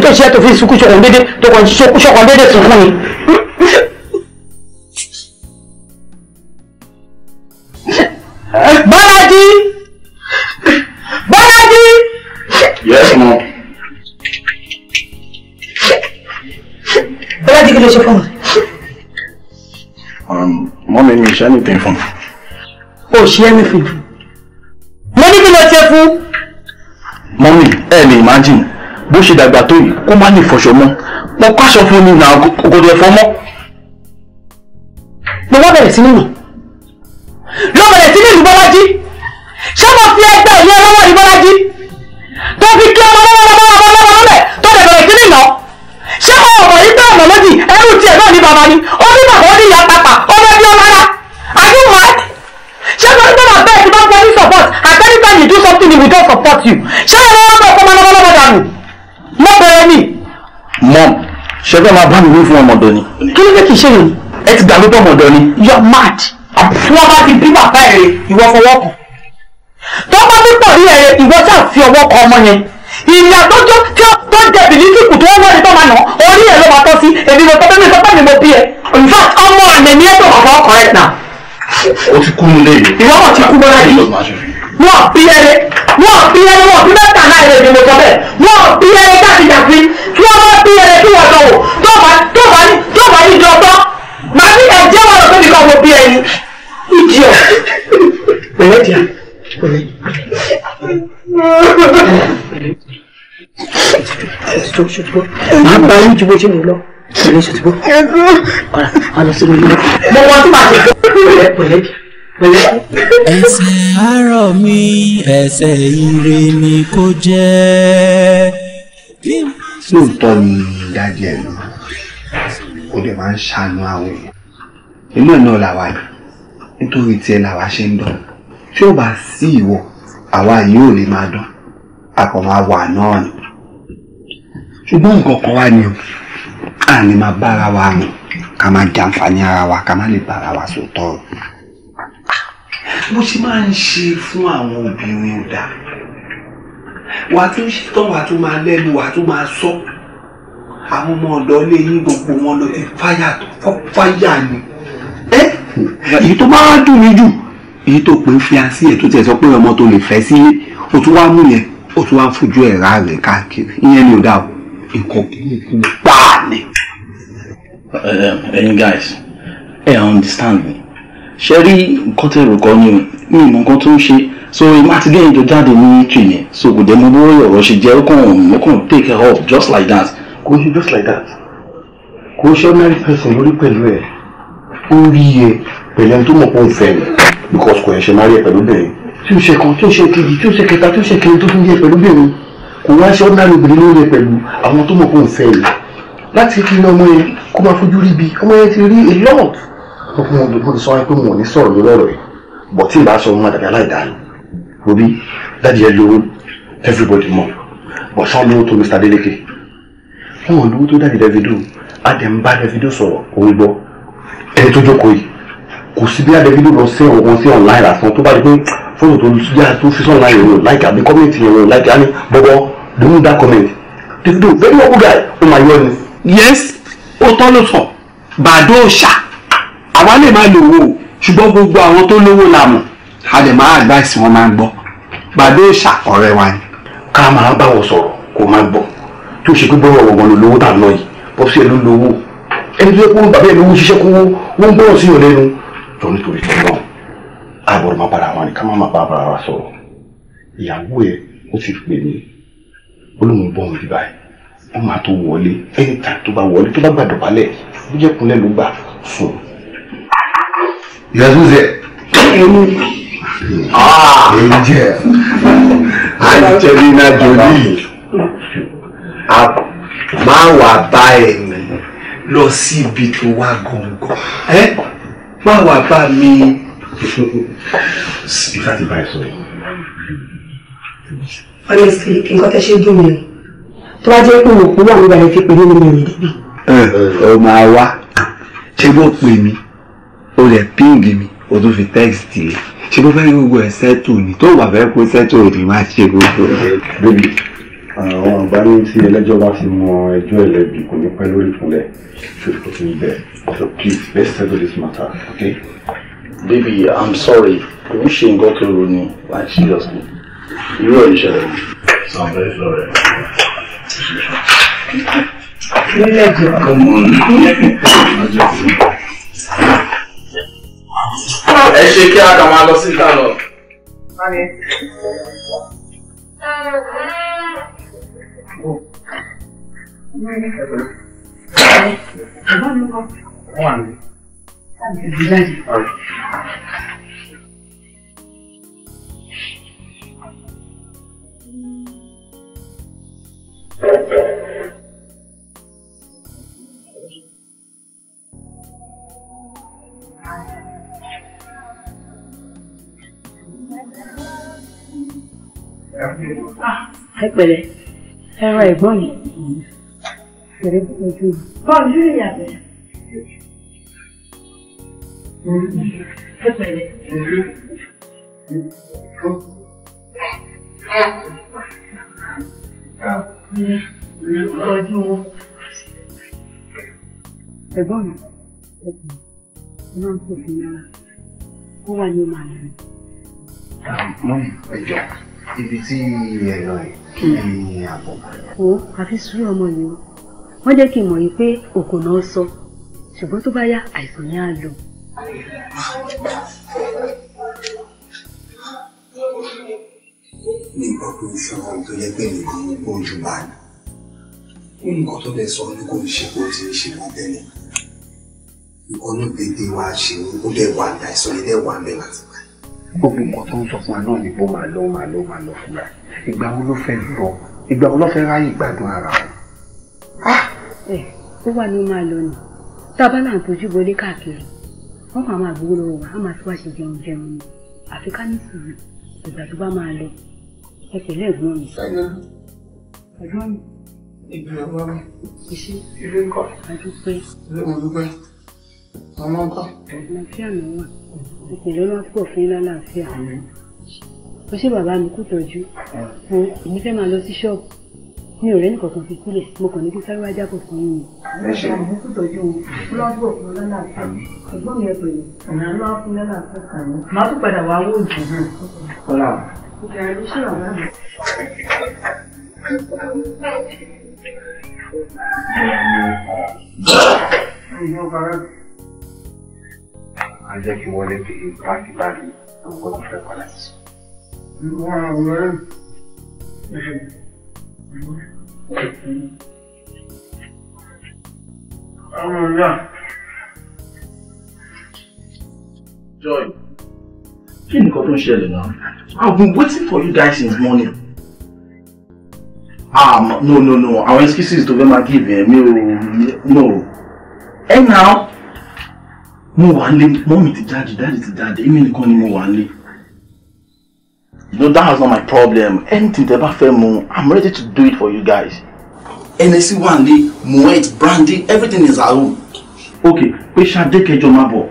tó ṣe tó fi sunkún ṣọkàn déédéé tó kàn ṣọkàn déédéé sunkún ni. Bọ́lájí! Bọ́lájí! Yes, ma'am. Bọ́lájí kí ló ṣe fún mi? Mọ́mí mi ṣe anything fún mi. O ṣe anything fún mi. Mo ní kí ló ṣe fún? Mọ́mí, ẹ lè imagine bó ṣe dàgbà tó yìí kó má lè fọṣọ mọ́ mo káṣọ fún mi náà kò lè fọ mọ́. mo wá bẹ̀rẹ̀ sí nínú ló bẹ̀rẹ̀ sí nínú Bọ́lájí ṣé mo fi ẹgbẹ́ ìlú ọlọ́wọ́ ní Bọ́lájí tó fi kí ọmọ lọ́wọ́ lọ́wọ́ lọ́wọ́ lọ́wọ́ lẹ̀ tó lè bẹ̀rẹ̀ sí nínú ṣé mo mọ̀ ní pé ọ̀nà méjì ẹrú tiẹ̀ náà ní bàbá ni ó ní bàbá ó ní ìyá pàpà ó fẹ́ bí ọmọ ara àdúrà ṣé mo ní bàbá bẹ́ẹ̀ ti bá wọlé support at any time you do something he will don't support you ṣé ẹ̀rọ ọgbà ọ̀pọ̀ ọmọ lọ́wọ́ lọ́wọ́ dànù mo bẹ̀rẹ̀ ni. mọ ṣẹgbẹ́ máa bá mi wí fún ọmọdé ni. kí ló fẹ́ kì í ṣe yìí. ẹ ti gbàgbé ọmọdé ni. you are mad. Ah. wọ́n bá ti bí bàbá ẹ̀rẹ̀ ìwọ fọwọ́ kàn. tọ́ bá tó pọ̀ rí ẹ̀rẹ̀ ìwọ sá fi ọwọ́ kọ ọmọ yẹn. ìyá tó jó ó tó jẹ̀bi ní tìkù tó wọ́n ní tọ́ma náà orí ẹ̀ ló máa tọ́ sí èmi mo tọ́pẹ́ mi tọ́pẹ́ mi mo bí ẹ. in fact ọmọ àná ni tó kọ̀ọ̀kan correct now. o ti kú nílé yìí wọn bí ẹrẹ wọn bí ẹrẹ wọn bí mẹ́ta náà ẹrẹ ni sọ bẹ́ẹ̀ wọn bí ẹrẹ jáde-jàde tí wọn bá bí ẹrẹ tí wọn lọ tó wà tó wà ní tó wà ní ìjọba màá ní ẹ̀jẹ̀ wọn lọ sóbi kan mo bí ẹni ìjì ọ pẹ̀lẹ́ díà pẹ̀lẹ́. máa bá yín ju bó ṣe lò lọ. Ṣètò ṣètò. Ọ̀rọ̀ àlọ́ sínú ilé. Mo wọ́n tún máa ṣètò. Pẹ̀lẹ́ pẹ̀lẹ́ díà ẹsẹ̀ àárọ̀ mi ẹsẹ̀ ire ni kò jẹ́. lóòótọ́ ni dájú ẹ̀ lọ ó dẹ̀ máa ń ṣàánú àwọn èèyàn inú ẹ̀ náà làwa yìí nítorí tiẹ̀ làwa ṣe ń dán tí ó bá sí ìwọ àwa yìí ò lè máa dán àkànwá wà náà ni ṣùgbọ́n nǹkan kan wá ni o a ní máa bára wa rìn ká máa jàǹfààní ara wa ká má lè bára wa sòtọ́ ọ̀rọ̀ bó ṣe máa ń ṣe fún àwọn obìnrin ò dáa wàá tún ṣetán wàá tún máa lẹ́nu wàá tún máa sọ àwọn ọmọ ọ̀dọ́ ilé yín gbogbo wọn ló ti fáyà fáyà ni. èyí tó máa dùn mí jù èyí tó pè é fi àṣì ẹ̀ tó tiẹ̀ sọ pé ọmọ tó lè fẹ́ sí o tún wá mú yẹn o tún wá ń fojú ẹ̀ rà rẹ̀ káàkiri ìyẹn ni ò dáa o nǹkan kúkú gbáà ni. ẹ̀yin guys ẹ hey, understand me ṣe rí nǹkan tẹ̀ rò kọ́ ni mi ìmọ̀ nǹkan tó ń ṣe so ìmátidéyìn tó jáde ní tù yẹn so kò dé mo bó ọ̀rọ̀ ṣe jẹ́ ó kàn ó kàn take her off just like that. kò ṣe just like that kò ṣe ordinary person lórí pẹ̀lú ẹ̀ ó rí iye pẹ̀lú ẹni tó mọ̀ pé ń fẹ́ mi because kò yẹn ṣe máa rí ẹ pẹ̀lú bẹ̀rẹ̀ tí ó ṣe kan tí ó ṣe kejì tí ó ṣe kẹta tí ó ṣe kẹrin tó fún bí ẹ pẹ̀lú bẹ̀rẹ̀ kò wá ṣe ordinary obìnrin lórí ẹ pẹ̀lú àwọn tó mọ̀ pé ń fẹ́ mi láti fi ọmọ yẹn kó máa fojú rí bi ọmọ yẹn ti rí a lot ó fún mi mo ti sọ pé mo ò ní sọ̀rọ̀ lórí ọ̀rọ̀ yìí bọ̀ tí ìbá sọ mo máa dàbí aláìdáni òbí dáàdi ẹ lówó everybody mọ̀ bọ̀ sọ́n lówó tó Mr Deleke wọn ò lówó tó dáàdi Davido adẹ̀mbá Davido sọ̀rọ̀ òun gbọ́ ẹni tó jókòó yìí kò sí bí Davido lọ sí ọ̀gbọ́n sí online àsán tó bá di pé fóònù tó yá tó fi sọ́ọ̀nà yẹn láìka àbí kọ́mẹ̀ntì yẹn wò láìka ní bọ́bọ́ dùnú dá kọ́mẹ̀ntì Davido very well guy ó máa yọ ni. yes ó tọ́ ló sọ bàdó ṣáà àwa lè má lówó o ṣùgbọ́n gbogbo àwọn tó lówó la mọ̀ a lè má advice wọn máa ń gbọ́ gbàdé ìṣà ọ̀rẹ́ wa ni. ká máa bá wọn sọ̀rọ̀ kó máa gbọ́ tí ó ṣe pé bọ́rọ̀ ọ̀gbọ̀n ló lówó tà ń lọ yìí bọ́sí ẹ̀ ló lówó ẹni tó yẹ kó bàbá ẹ̀ lówó ṣiṣẹ́ kó wọ́n gbọ́rọ̀ sí ìyọ̀lẹ́ nu. jọ nítorí tọ́lọ́ àbọ̀rọ̀ máa bára wa ni ká má máa bá bára wa sọ̀rọ̀ ìyàwó ẹ̀ ó ti pè mí olóhùn bọ́ mi báyìí wọ́n máa tó wọlé ẹni tà tó bá wọlé tó bá gbàdọ̀ balẹ̀ ó jẹ́kunlẹ̀ ló gbà fún un Yes, who's Ah, Angel. A máa wà bá ẹ̀mí lọ sí ibi tó wà gọ̀ǹgọ̀. Ẹ máa wà bá mi. Ìfá ti bá ẹ sọ̀rọ̀. Honestly, nǹkan tẹ́ o. Tó bá jẹ́ pé òkú wà nígbà yẹn fi pè mí ní mi ó lè píǹgì mi ó tún fi tẹ́ẹ̀sì rẹ̀ ṣé bó fẹ́ rí gbogbo ẹ̀ sẹ́tù ni tó wà fẹ́ kó sẹ́tù òdì máa ṣe gbogbo ẹ̀. bébì àwọn àgbà ní tí ẹlẹ́jọ́ bá ti mọ ẹjọ́ ẹlẹ́bi kò ní pẹ́ lórí ìfúnlẹ̀ ṣùgbọ́n kò tún bẹ̀ so please let's settle this matter okay. baby i'm sorry kò ń ṣe nǹkan tó rò ní like seriously irú ẹ̀ ìṣẹ̀lẹ̀. so i'm very sorry. Come on. ẹ ṣe kí a kà máa lọ sí ìta lọ. Thank you. ẹ pẹ̀lẹ́ ẹ ẹ̀gbọ́n mi pẹ̀lẹ́ ojú bọ́ọ̀lù yóò rìn àbẹ ẹ pẹ̀lẹ́. Ìtọ́jú wọn. Ẹ̀gbọ́n mi, ẹ̀gbọ́n mi, ọlọ́run kò fi yára, ó wà ní màlúù ẹjọ ibi tí ẹ lọ yìí ni àbọ̀. o àfi sùúrù ọmọ yìí o wọ́n jẹ́ kí n mọ̀ yìí pé òkò náà sọ ṣùgbọ́n tó bá yá àìsàn yẹn á lò. ní nǹkan tó ń sọ̀rọ̀ tó yẹ pé nìkan ló kó jù bá ní nǹkan tó lè sọ ní kò ń ṣe kó ti ń ṣe wọ́n tẹ́lẹ̀ nǹkan ló dédé wá ṣe ó dẹ̀ wà ní àìsàn yẹn wà ń bẹ̀ láti gbogbo nǹkan tó ń sọ fún wa náà ni kó máa lọ máa lọ máa lọ fúnra ìgbà wo ló fẹ́ lọ ìgbà wo ló fẹ́ ráyè gbádùn ara wọn. Ah! ó wà ní ó máa lọ nì tábà náà tójú bọlé káàkiri wọn kàn máa gbowó lọ́wọ́ wa á máa fi wá ṣe jẹun jẹun ni àfi ká ní sùúrù ìgbà tó bá máa lọ ẹ tẹ̀lé ẹ̀gbọ́n mi. ẹ̀gbọ́n mi ìgbìmọ̀ bá mi ilé ńkọ́. a dúpẹ́. ilé mo dúpẹ́. màmá ńkọ́. nàìjíríà ló ìpínlẹ̀ máa pọ̀ fún yín lálàáfíà ó ṣe bàbá mi kú tọ́jú mo èmi fẹ́ máa lọ sí ṣọ́ọ̀bù mi ò rẹ́ nìkankan fi sílẹ̀ mo kàn ní kí sáré wájà kò fún yín. ẹ ṣe àwọn kú tọ́jú lọ́gbọ̀ fún lálàáfíà ẹ̀gbọ́n mi ẹ pẹ̀lú ọ̀nà lọ́wọ́ fún lálàáfíà kàn mí. màá tún padà wá wò jù. ọ̀la. ìjà á jẹ́ kí wọlé fi practically nǹkan tó fẹ́ padà sí. ìwà ọ̀rẹ́ ṣe àwọn ọ̀rẹ́ à. Joy, kí ni nǹkan tó ń ṣẹlẹ̀ náà? I've been waiting for you guys since morning. Ah, no, no, no, àwọn excuses tó fẹ́ máa give yẹn mi ò no. Anyhow, mo wà ń lé mọ́mì ti jáde dáàdì ti jáde èmi nìkan ni mo wà ń lé. you know that was not my problem anything tẹ́ bá fẹ́ mu i'm ready to do it for you guys. ẹnẹsí wà ń lé moet brandy everything is our own. ok pé ṣadé kẹjọ máa bọ̀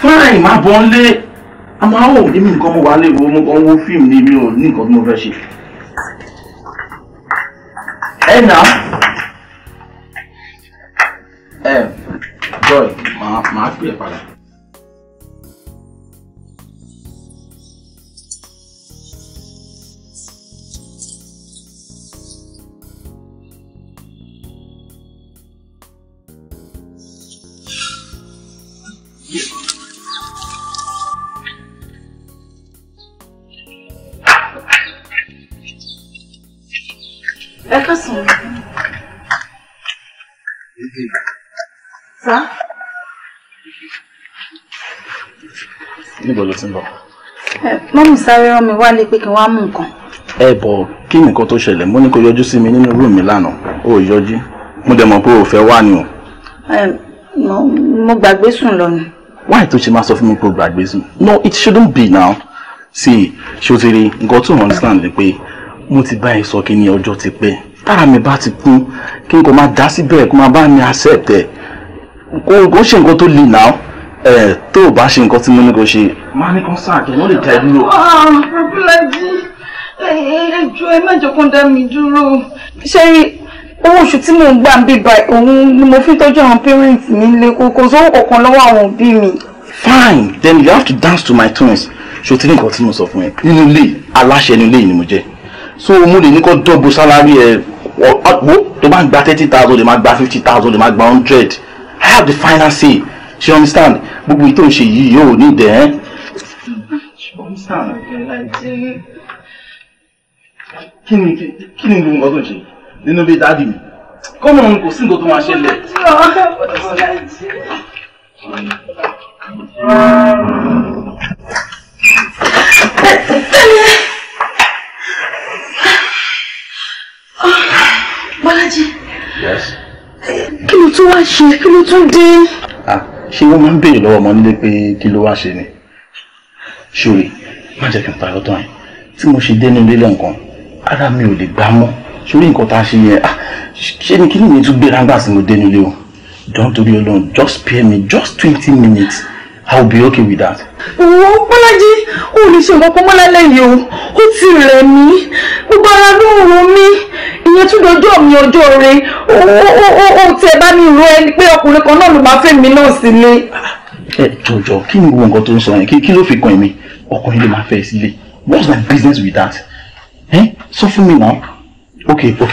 fine máa bọ̀ ń lé àmọ́ àwọn òbí mi nìkan mo wà ń lé wo mo kàn wo fíìmù ni mi ò ní nǹkan tí mo fẹ́ ṣe. ẹ nà àárọ̀ ẹ̀ màá màá pè é padà. Ẹ kásán. Sá. Níbo ló ti ń bọ̀? Mọ́mí sáré rán mi wálé pé kí n wá mú nǹkan. Ẹ bọ̀ kí nǹkan tó ṣẹlẹ̀ mo ní kó yọjú sí mi nínú rúùmù mi lánàá ó yọjú mo dẹ̀ mọ̀ pé o fẹ́ wá ni o. Mo gbàgbé sùn lọ ni. Wáyé tó ṣe máa sọ fún mi pé o gbàgbé sùn? No, it shouldn't be now. See, ṣòtìrì nǹkan tó understand ni pé mo ti bá ẹ sọ kí ni ọjọ́ ti pẹ́ tára mi bá ti kún kí n kò máa dá síbẹ̀ kó máa bá mi accept ẹ̀ kò ṣe nǹkan tó le náà ẹ tó o bá ṣe nǹkan tí mo ní kò ṣe máa ní kan sáà kí wọ́n lè dá ẹ dúró. Ah, Bọ́lájí ẹjọ́ ẹ má jẹ́ kó dá mi dúró. ṣé owó oṣù tí mò ń gbà ń bí ba òun ni mo fi tọ́jú àwọn parents mi lé kókó sówó kankan lọ́wọ́ àwọn òbí mi. fine then you have to dance to my tunes ṣo tí nǹkan tí mo sọ fún ẹ nínú ilé aláṣẹ inú ilé yìí ni mo jẹ so mo lè ní kó dọ́gbó sálárì ẹ wo tó bá ń gba thirty thousand lè má gba fifty thousand lè má gba hundred I have the final say ṣe understand gbogbo ìtò ìṣe yìí yóò ní ìdẹ́ ẹ́. kí ni kí ni gbogbo nǹkan tó ń ṣe nínú bíi dáàdì mi kọ́mọ òun kò sí nǹkan tó máa ṣẹlẹ̀. Bọ́lájí. Yes kí ló tún wá ṣe kí ló tún dé. Ah, ṣé wọ́n máa ń béèrè lọ́wọ́ ọmọ nílé pé kí ló wá ṣe ni ṣòrí má jẹ́ kí n parọ́ tán yẹn tí mo ṣe dé ní ilé lẹ́ǹkan ara mi ò lè gbá mọ́ ṣòrí nǹkan tá a ṣe yẹn ah, ṣé ni kí ni mi tún gbéra ńgbà tí mo dé nílé o don torí Ọlọ́run just pay me just twenty minutes I will be okay with that. Ìwọ Bọ́lájí, o ò lè ṣe nǹkan kan mọ́ lálẹ́ yìí o, ó ti rẹ̀ mí, gbogbo ara ló ń ro mí ìyẹn tún dojú mi ojú oore ó ti ẹ bá mi rò ẹni pé ọkùnrin kan náà ló máa fẹ́ mi náà sí ni. ẹ jọjọ kí ni gbogbo nǹkan tó ń sọ yẹn kí ló fi kan èmi ọkùnrin ló máa fẹ́ sílé what's my business with that ẹ sọ fún mi náà ok ok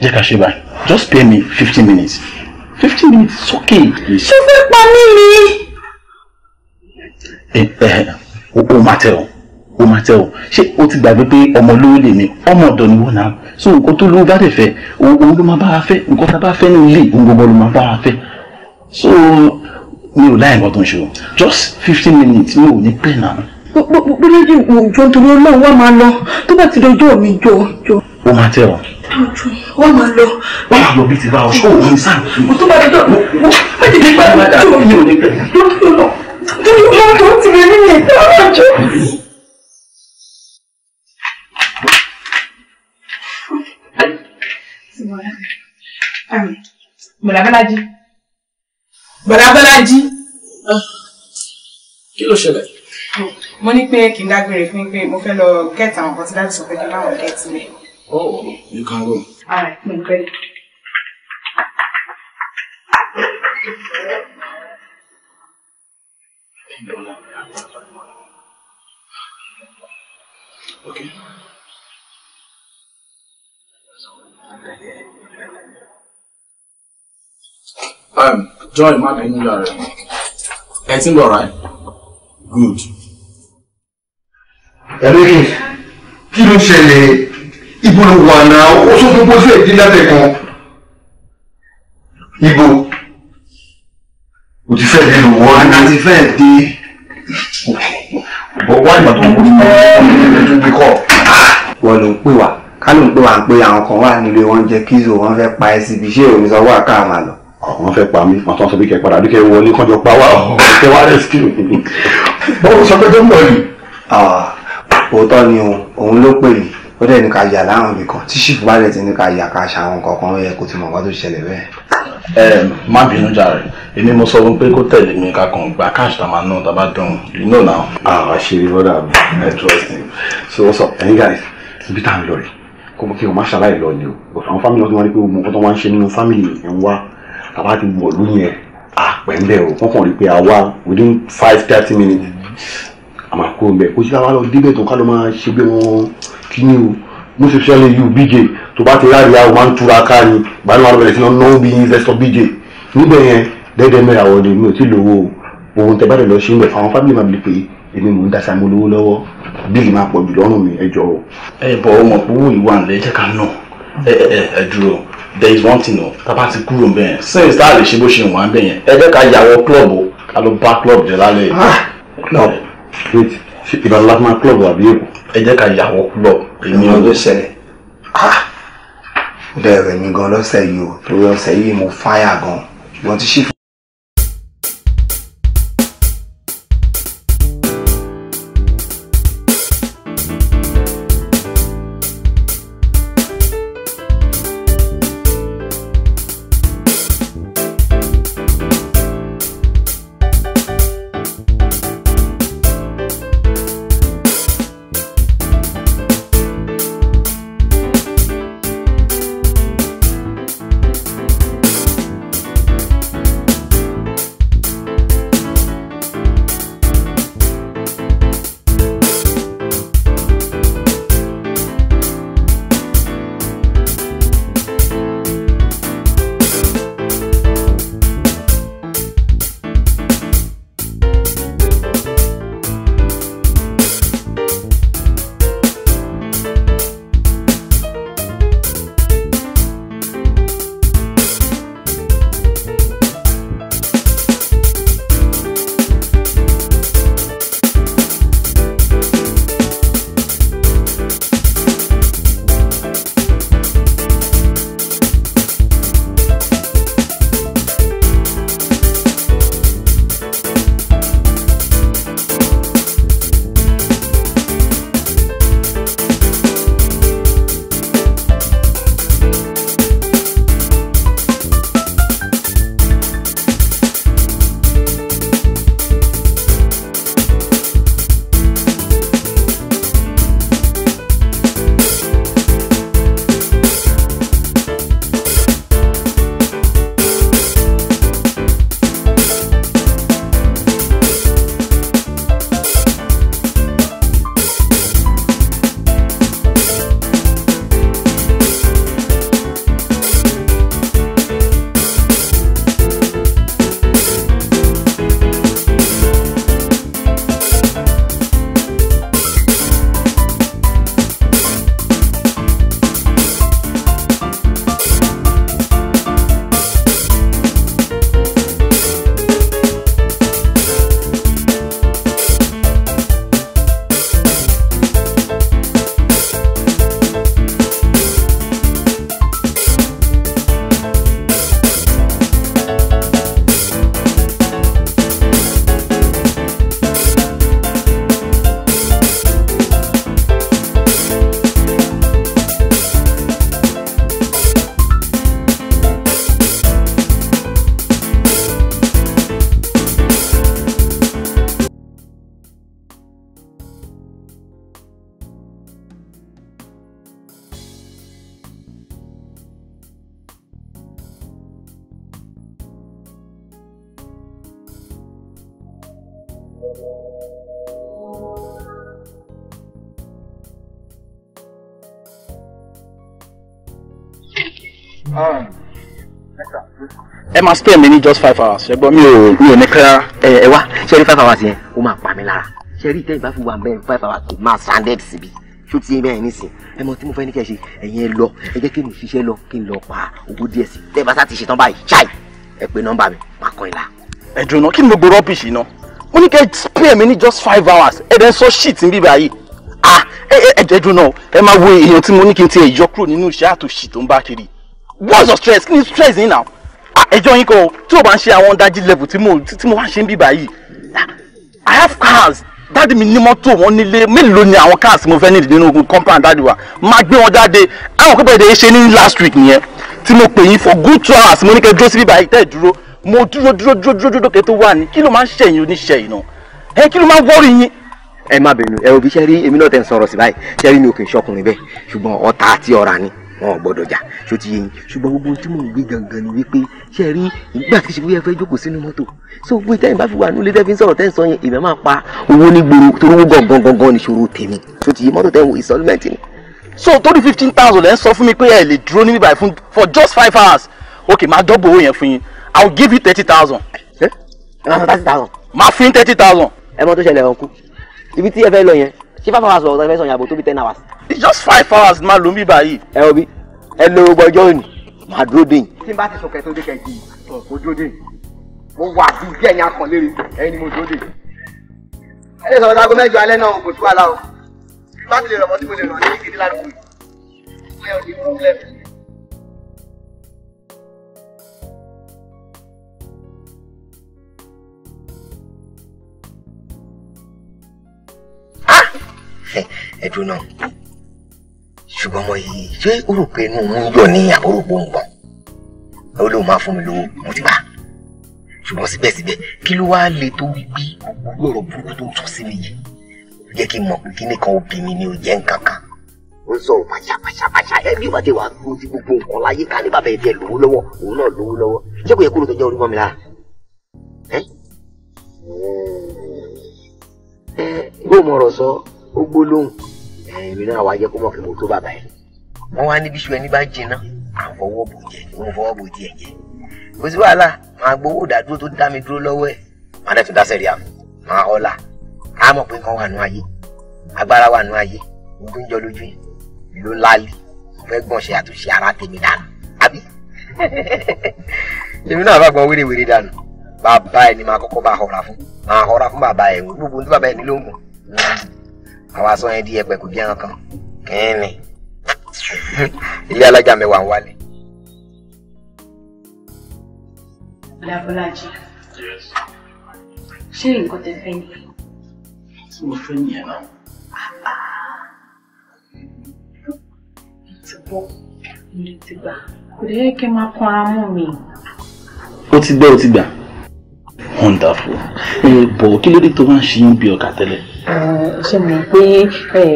jẹ́ ká ṣe báyìí just pay me fifteen minutes fifteen minutes is okay. ṣé fẹ́ pa mí ni. ẹ ẹ o máa tẹ o ó máa tẹ o ṣé o ti gbàgbé pé ọmọ olówó lè ní ọmọ ọ̀dọ̀ ni wọn náà so nǹkan tó lówó bá dẹ̀ fẹ́ òun ló máa bá a fẹ́ nǹkan tá a bá fẹ́ ní ilé òun gbogbo ló máa bá a fẹ́ so mi ò láì nǹkan tó ń ṣe o just fifteen minutes mi ò ní pẹ́ náà. bóyá jù jọ nítorí ọlọ́run wá máa lọ tó bá ti dọjọ́ mi jọ o ó máa tẹ o. wọ́n máa lọ. wọ́n máa lọ bíi ti bá ọ ṣó òun sáà. o tó bá dọjọ́ mi mo bá ti dé gbàgbọ́ àjọ mi ò ní pẹ́. lórí ọlọ́run tó ti rẹ̀ nílẹ̀ lọ́rọ̀ àjọ. Bọ̀dá Bọ́lájí. Bọ̀dá Bọ́lájí. Kí ló ṣẹlẹ̀? Mo ní pé kí n dágbére fún pé mo fẹ́ lọ kẹ́ẹ̀tì àwọn kan tí láti sọ pé kí n bá wọn kẹ́ẹ̀tì rẹ̀. Oh, you can go. All mo n pẹ́. Okay. Um, joy má bínú yàrá ẹ ti ń bọ̀ ra ẹ good. ẹ̀ríkì kí ló ṣẹlẹ̀ ibo ló wà náà ó sọ fún pósí èdè látẹ̀kùn ibo ò ti fẹ́ de lò wọ́n á ti de dé wọ́n ìgbà tó ń bọ̀ tó ń bí kọ́ wọ́n ló ń pè wá ká ló ń pè wá ń pè àwọn kan wà nílé oúnjẹ kí zo wọ́n fẹ́ pa ẹ́ síbi ṣé òun sọ wà káà máa lọ wọ́n fẹ́ pa mí wọ́n tán sọ pé kẹ́ padà dúkẹ́ wọlé kánjọ pa wá kẹ́ wá rescue mi sọ pé tó ń bọ̀ yìí. òótọ́ ni o òun ló pè mí ó dẹ̀ ní ká yà láwọn ibì kan tí ṣìfù bá dẹ̀ ti ní ká yà ká ṣàwọn kankan yẹ kó ti mọ̀ nǹkan tó ṣẹlẹ̀ bẹ́ẹ̀. ẹ má bínú jàre èmi mo sọ pé kó tẹ̀lé mi ká kàn gba cash tá máa ná tá bá dùn you know now. àwọn àṣírí bọ́dà mi i trust you so what's up ẹ̀yin guys ibi tá à ń lọ rè kó kí o má ṣàlàyé lọ ni o àwọn fámìlì ọdún wa ní pé o mọ nǹkan tó wá ń ṣe nínú fámìlì ẹ̀ ń wá àbá ti wọ̀lú yẹn àpẹ̀ńbẹ̀ o wọ́n kàn rí pé àwa within five thirty minutes àmà kó ń bẹ̀ kó sí káwá lọ débẹ̀ tó ká ló máa ṣe bí wọ́n kí ni o mo ṣe fẹ́ lè yú bj tó bá ti ráàlì àwọn máa ń túra ká ni ìgbàlú wa bẹ̀rẹ̀ sí náà náwó bí investor bj níbẹ̀ yẹn dẹ́dẹ́ mẹ́ra wọ̀ ni mi ò tí ì lówó o ohun tẹ́ bá dẹ̀ lọ ṣe ń bẹ̀ fáwọn fábìlì máa bìlì pé èmi mò ń dasa mo lówó lọ́wọ́ bíìlì máa pọ̀ jù lọ́rùn mi ẹ jọ̀ọ́. ẹ bọ̀ ọmọ púpọ̀ ìwà ǹlẹ́ jẹ́ ká náà ẹ ẹ ẹ dúró there is one thing o tàbá ti kúrò ń bẹ̀yẹn since tá a lè ṣe bó ṣe wà ń bẹ̀yẹn ẹ jẹ́ ká yàwọ̀ club o ká lọ bá club jẹ lálẹ́ No, ah, wait ìbàdàn láti máa club àbí èkó. ẹ jẹ́ ká yàwọ̀ club èmi ò lè ṣẹlẹ̀ ah, bẹ̀rẹ̀ mi gan lọ́sẹ̀ yìí o torí ọ̀sẹ̀ yìí mo fáyà gan ṣùgbọ́n ti ṣì máa spare mi ní just five hours ṣẹgbọn mi ò mi ò ní kẹ́ra. ẹ ẹ wá ṣe rí five hours yẹn ó máa pa mí lára ṣe rí ìtẹ́yìn bá fi wà mẹ́rin five hours kò máa stranded síbi ṣó ti bẹ́ẹ̀ nísìn ẹ mọ tí mo fẹ́ ní kẹ́ ṣe ẹ̀yin ẹ lọ ẹ jẹ́ kí mi ṣiṣẹ́ lọ kí n lọ pa owó díẹ̀ sí tẹ́ bá sá ti ṣetán báyìí ṣáì ẹ pe nọ́mbà mi máa kọ́ ìlà. ẹ dùnà kí ni gbogbo rubbish iná mo ní kẹ́ spare mi ní just five hours ẹ dẹ́ sọ shit ń bíbá yìí ah ẹ ẹ dùnà ẹ máa wo èèyàn tí mo ní kí n tiẹ̀ yọ kúrò nínú iṣẹ́ àtòṣì tó ń bá kiri what's your stress kí ni stress yín náà ẹjọ́ yín kọ́ tí o bá ń ṣe àwọn dájí level tí mo tí mo wá ṣe ń bì báyìí i have cars dáàdì mi ní mọ́tò wọn nílé mélòó ni àwọn cars mo fẹ́ nídìí nínú compound dáàdì wa máa gbé wọn jáde àwọn pípẹ́ ìdè ṣe ní last week nìyẹn tí mo pè yín for good two hours mo ní kẹ́ dúró síbí báyìí tẹ́ ẹ̀ dúró mo dúró dúró dúró dúró dúró kẹ́ tó wà ní kí ló máa ń ṣẹ̀yìn oníṣẹ́ ìná ẹ kí ló máa ń wọ́ọ̀rì yín ẹ má bínú ẹ òbí ṣe rí èmi náà tẹ̀ ń sọ̀rọ̀ sí báyìí ṣe rí mi ò kì í ṣọkùnrin bẹ́ẹ̀ ṣùgbọ́n ọ̀tá àti ọ̀rà ni wọn ò gbọ́dọ̀ jà ṣó ti yẹ yín ṣùgbọ́n gbogbo tí mò ń gbé gangan ni wípé ṣe rí ìgbà tí ṣèwé ẹfẹ jókòó sínú mọ́tò so gbé tẹyìn bá fi wà nílé tẹfí ń sọ̀rọ̀ tẹyìn sọ yẹn èèyàn máa pa owó ní gbòòrò torí owó gangan gangan ni ṣòro tèmi ṣó ti yẹ mọ́tò tẹyìn wò installment ni. so torí fifteen thousand ẹ ń sọ fún mi pé ẹ lè dúró níbí báyìí fún for just five hours ok máa dọ́gbọ̀ owó yẹn fún yín i will give you thirty thousand. ẹ máa fún thirty thousand. máa fún thirty thousand. ẹ mọ tó ṣẹlẹ̀ ọkú ibi tí ẹ fẹ́ lọ yẹn ṣé five hours ọ̀gá fẹ́ sọ tó bí ten hours. it's just five hours máa lò ń bí báyìí. ẹ wo bí ẹ lọ gbogbo ọjọ́ òní màá dúró dé yìí. tí n bá ti sọkẹ́ tó dé kẹ́kì mo dúró dé mo wà bí bí ẹ̀yin akọ̀lérè ẹ̀yin ni mo dúró dé ẹ lè sọ̀rọ̀ sago mẹ́jọ alẹ́ náà kò sí wàhálà o bá mi lè rọ̀ mọ́ mo lè rọ̀ ní ìkéde ládùúgbò yìí Ah! ẹ̀dùn náà ṣùgbọ́n ọmọ yìí ṣé o rò pé inú ń yọ ní àbúròpọ̀ nǹkan ó lóun máa fún mi lówó mo ti bá ṣùgbọ́n síbẹ̀síbẹ̀ kí ló wáá le tó gbí gbogbo ọ̀rọ̀ burúkú tó ń tún sí mi yìí ó jẹ́ kí n mọ̀ pé kíní kan òbí mi ni ò jẹ́ nǹkan kan ó ń sọ̀rọ̀ pàṣàpàṣàpàṣà ẹ̀mí ò bá dé wàá gbó sí gbogbo nǹkan láyé ká ní bàbá ẹ̀fẹ̀ lówó lọ́wọ́ òun náà lówó lọ́wọ́ ṣé kò yẹ kó ló tọ́jú orí mọ́ mi lára ẹ́ ẹ́ bó mo rọ̀ sọ ó gbólóhùn èmi náà wàá jẹ́ kó mọ̀ kí mo tó bàbá ẹ̀ wọ́n wá ní bíṣu ẹni bá jiná à ń fọwọ́ bò jẹ wọ́n fọwọ́ bò tiẹ̀ jẹ kò sí wàhálà máa gbowó ìdádúró tó dá mi dúró lọ́wọ́ ẹ̀ máa dẹ̀ tún dá sẹ̀rí àmọ́ máa ọ̀la á mọ̀ pé nǹkan wà nù ayé agbára wà nù ayé ogun jọ lójú yìí ló lálẹ́ fẹ́ gbọ́n ṣe àtúnṣe ara tèmi dànù àbí èmi náà bá gbọ́n wérewère dànù bàbá ẹni máa kọ́kọ́ bá họra fún máa họra fún bàbá ẹ̀ gbogbo ohun bàbá ẹni ló ń gùn àwọn aṣọ yẹn di ẹgbẹ kò bí ẹran kan kìín ni ilé alájà mẹ́wàá ń wálé. Lábọ́lájì, ṣé nǹkan tẹ fẹ́ ni? Tí mo fẹ́ nìyẹn náà. Ti bọ́, mo ti gbà. Kò lè kí n máa kọra mú mi. Ó ti gbẹ́, ó ti gbà. Wonderful. Ẹ bọ̀ kí ló dé tó máa ń ṣe yín bí ọkà tẹ́lẹ̀? Eh, ṣé mo pé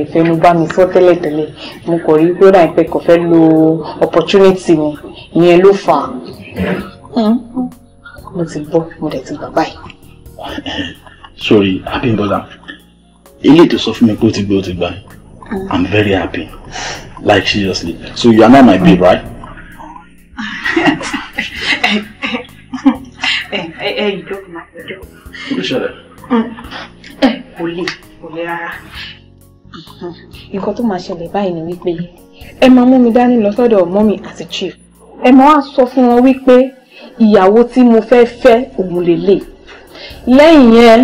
ìfẹnu eh, bá mi sọ tẹ́lẹ̀tẹ́lẹ̀ mo kọ̀ rí pé ráì pẹ́ kò fẹ́ lo opportunity mi ìyẹn ló fà á hmm. mo ti gbọ́ mo dẹ̀ ti gbà báyìí. sorry Abímbọ́lá ilé ètò sọ fún mi pé ó ti gbé ó ti gbà hmm. i'm very happy like seriously so you are not my babe right. ẹ ẹ ẹ ìjókòó máa kò lè kò lè rárá. nǹkan tó máa ṣẹlẹ̀ báyìí ni wípé ẹ máa mú mi dání lọ sọ́dọ̀ mọ́mì àti chief ẹ máa wá sọ fún wọn wípé ìyàwó tí mo fẹ́ fẹ́ òun lélẹ̀ lẹ́yìn yẹn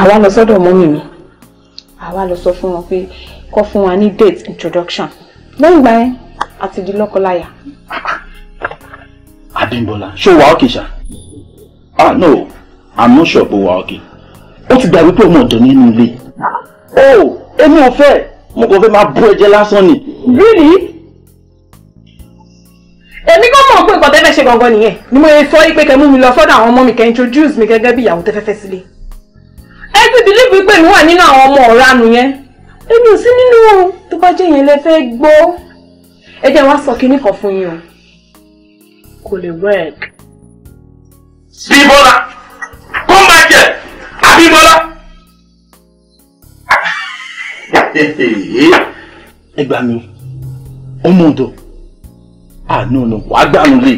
àwa lọ sọ́dọ̀ mọ́mì mi àwa lọ sọ fún wọn pé kó fún wa ní date introduction lẹ́yìn ìgbà yẹn àti di lọ́kọláya. Abímbọ́lá ṣé o wà ókè ṣá? ah no i'm not sure pé o wà ókè. Okay ó ti gbà wípé ọmọ ọ̀dọ̀ nínú ilé o èmi ò fẹ́ mo kàn fẹ́ máa bú ẹ̀jẹ̀ lásán ni. bíbí èmi kò mọ̀ pé nǹkan tẹ́fẹ́ ṣe gangan nìyẹn ni mo sọ pé kẹ́ mú mi lọ sọ́dọ̀ àwọn ọmọ mi kẹ́ introduce mi gẹ́gẹ́ bí ìyàwó tẹ́fẹ́fẹ́ sílé ẹ ti bìlíìfù pé mi wà nínú àwọn ọmọ ọ̀ranù yẹn èmi ò sí nínú o tó bá jẹ́ yẹn lẹ fẹ́ gbọ́ ẹ jẹ́ wá sọ kinní kan fún yín o kò lè work. bíbọ́lá. Abímbọ́lá. ẹ gbà mí ọmọ ọ̀dọ̀ àánú ọ̀nà wàá gbà mí lè.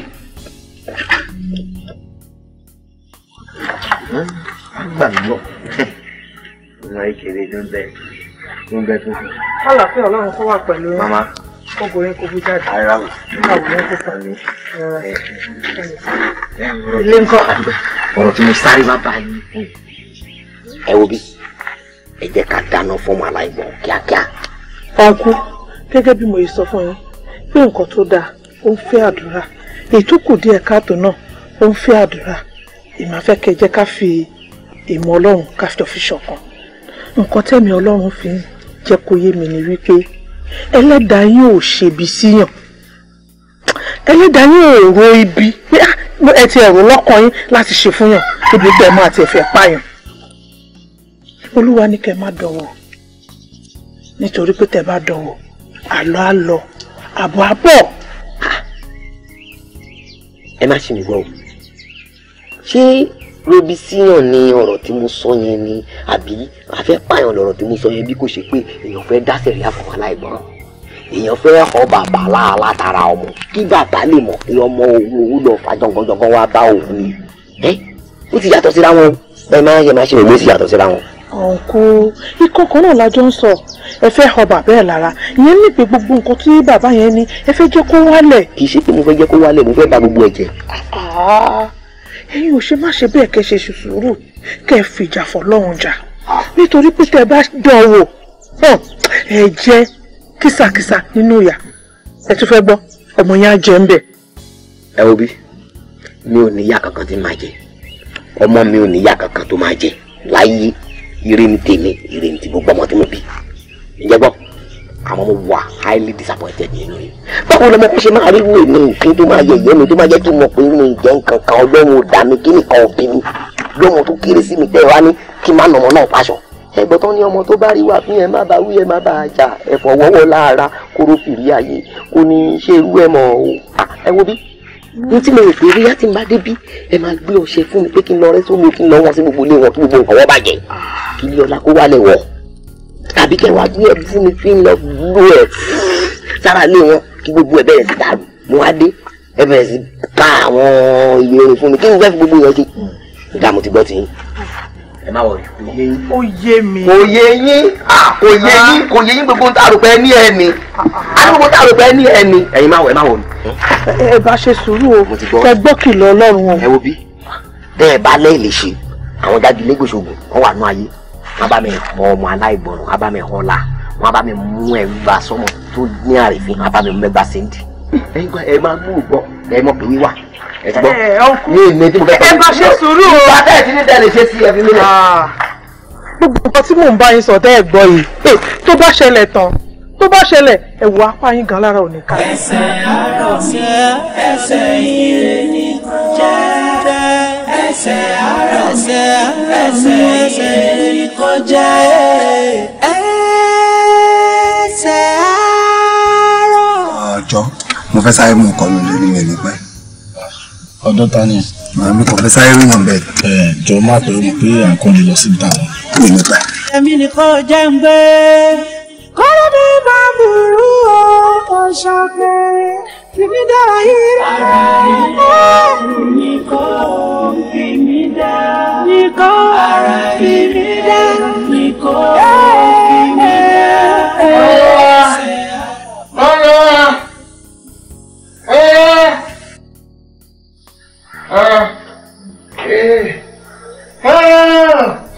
gbà mí lọ ọmọ ìkéré ló ń bẹ ló ń bẹ tó sọ. kálàfin ọlọ́run kó wà pẹ̀lú ẹ. mama ọkùnrin kò bú jáde. ara o nígbàwó ló kó fún mi. ilé ńkọ́. ọ̀rọ̀ tí mo sáré bá bá yín ẹ wo bí ẹ jẹ́ ká dáná fọ́mọ aláìgbọ̀n kíákíá. ọ̀nkú gẹ́gẹ́ bí mo yìí sọ fún yín pé nǹkan tó dáa ó ń fẹ́ àdúrà èyí tó kù díẹ̀ káàtó náà ó ń fẹ́ àdúrà ìmọ̀ afẹ́ kẹ́ jẹ́ ká fi ìmọ̀ ọlọ́run ká fi fi ṣọ̀kan nǹkan tẹ́mi ọlọ́run fi ń jẹ́ kó yé mi ni wípé ẹlẹ́dàá yín ò ṣebi síyàn ẹlẹ́dàá yín ò ro ibi ah, ẹ ti ẹ̀rù lọ́kàn yín láti ṣe fún yàn débi tẹ́ ẹ máa ti ẹ̀fẹ̀ pààyàn olúwa ní kẹ́ má dọ̀wọ̀ nítorí pé tẹ́ bá dọ̀wọ̀ àlọ́ á lọ àbọ̀ á bọ̀. Ah. ẹ má ṣe mi gbọ́ o ṣé robisíyàn ni ọ̀rọ̀ tí mo sọ yẹn ni àbí àfẹ́ pààyàn lọ̀rọ̀ tí mo sọ yẹn bí kò ṣe pé èèyàn fẹ́ dá sẹ̀ríà fún aláìgbọ́n èèyàn fẹ́ họ bàbá láàlá tara ọmọ kí bàbá lè mọ̀ pé ọmọ òun òun lọ fa jọ̀ngànjọ̀ngàn wá bá òun ni ẹ ó ti yàtọ̀ síra wọn ẹ má yẹ má ṣe òun ló ti yàtọ̀ síra wọn ọ̀nkó ikọ̀ kan náà la jọ ń sọ ẹ fẹ́ họ bàbá ẹ̀ lára ìyẹn ní pé gbogbo nǹkan tí bàbá yẹn ní ẹ fẹ́ jẹ́ kó wálẹ̀. kì í ṣe pé mo fẹ́ jẹ́ kó wálẹ̀ mo fẹ́ bà gbogbo ẹ̀ jẹ́. ẹ̀yin ò ṣe má ṣe bẹ́ẹ̀ kẹ́ ṣe sùúrù kẹ́ fìjà fọlọ́run jà nítorí pé tẹ́ bá dán wò ẹ jẹ́ kísàkísà nínú ìyà ẹ tún fẹ́ gbọ́ ọmọ yẹn á jẹ ń bẹ̀. ẹ wo bí mi ò níyà kankan tí máa jẹ ọmọ mi ò níyà kankan tó máa jẹ láyé ire ni tèmi ire ni ti gbogbo ọmọ tí mo bí ìjẹgbọ́n àwọn ọmọ wà highly disappointed nínú yìí báwo lọmọ kó ṣe máa rí wèé mi nǹkan tó máa yẹ̀yẹ́ mi tó máa jẹ́ kí n mọ̀ pé mi jẹ́ nǹkan kan ọlọ́run ò dá mi kí nìkan ò bí mi lọ́mọ tó kéré sí mi tẹ́ ẹ wá ní kí n má nà ọmọ náà paṣọ ẹgbọ́n tán ní ọmọ tó bá rí wà fún yẹn má bá wí yẹn má bá jà ẹ̀fọ́ wọ́wọ́ lára kóró fìrí ayé kò ní ṣe irú ẹ̀ mọ́ o ní tí mo rò pé bóyá tí n bá débi ẹ máa gbé ọṣẹ fún mi pé kí n lọ rẹ sómi kí n lọ wọn sí gbogbo ilé wọn kí gbogbo nǹkan wọn bàjẹ́ ah. kí ni ọlá kó wálẹ̀ wọ̀ tàbí kẹ́ wá gbé ẹ fún mi kí n lọ gbó ẹ sára ilé wọn kí gbogbo ẹ bẹ̀rẹ̀ sí dàrú mo wá dé ẹ bẹ̀rẹ̀ sí bá àwọn ìyẹn fún mi kí n fẹ́ fi gbogbo yẹn ṣe hmm. ìdààmú ti gbọ́ ti yín ẹ má wọrí kò yé yín. ó yé mi. kò yé yín ah, kò yé ah. yín kò yé yín gbogbo tá a rò pé ẹ ní ẹ ni ah, a ní gbogbo tá a rò pé ẹ ní ẹ ni ẹ̀yin má wọ ẹ má wọrí. ẹ bá ṣe sùúrù o ẹ gbọ́ kìlọ̀ ọlọ́run o. ẹ wo bí bẹ́ bá lẹ́yìn lè ṣe àwọn jáde lẹ́gbẹ̀ṣogun wọ́n wà ní ayé wọ́n bá mi mọ ọmọ aláìgbọràn wọ́n bá mi hàn la wọ́n bá mi mú ẹgbà sọmọ tó ní àrífín wọ́n bá mi mú ẹgbà sẹ́ńdì ẹ máa mú ògbọ́ ẹ mọ̀ pé wíwà ẹ ti gbọ́ ní ìní tí mo fẹ́ sọ. ẹ bá ṣe sùúrù o. ìgbà tẹ́ ẹ ti ní tẹ́lẹ̀ ṣe sí ẹbí mílẹ̀. Ah. gbogbo nǹkan tí mò ń bá yín sọ tẹ́ ẹ gbọ́ yìí tó bá ṣẹlẹ̀ tán tó bá ṣẹlẹ̀ ẹ wọ apá yín gan lára òní ká. ẹsẹ̀ àárọ̀ mi ẹsẹ̀ yìí kò jẹ́ ẹsẹ̀ àárọ̀ mi ẹsẹ̀ yìí kò jẹ́ ẹsẹ̀ àárọ̀ mi mo fẹ́ sáré mú ọkọ̀ lóde ní ìlú pẹ́. ọdún ta ni. màá mi kò fẹ́ sáré rí yàn bẹ́ẹ̀. ẹ jọ máa pè é mo pé à lọ síbi táwọn. mi ní pẹ́. èmi nìkan jẹ́ ń gbé kọ́lọ́dé bá mi rú ọkọ̀ ṣọ́kẹ́ tìmí dára yìí. ara ìlú ní tìmí dá. ní ara ìlú ní tìmí dá. bàbá mi kọ́lá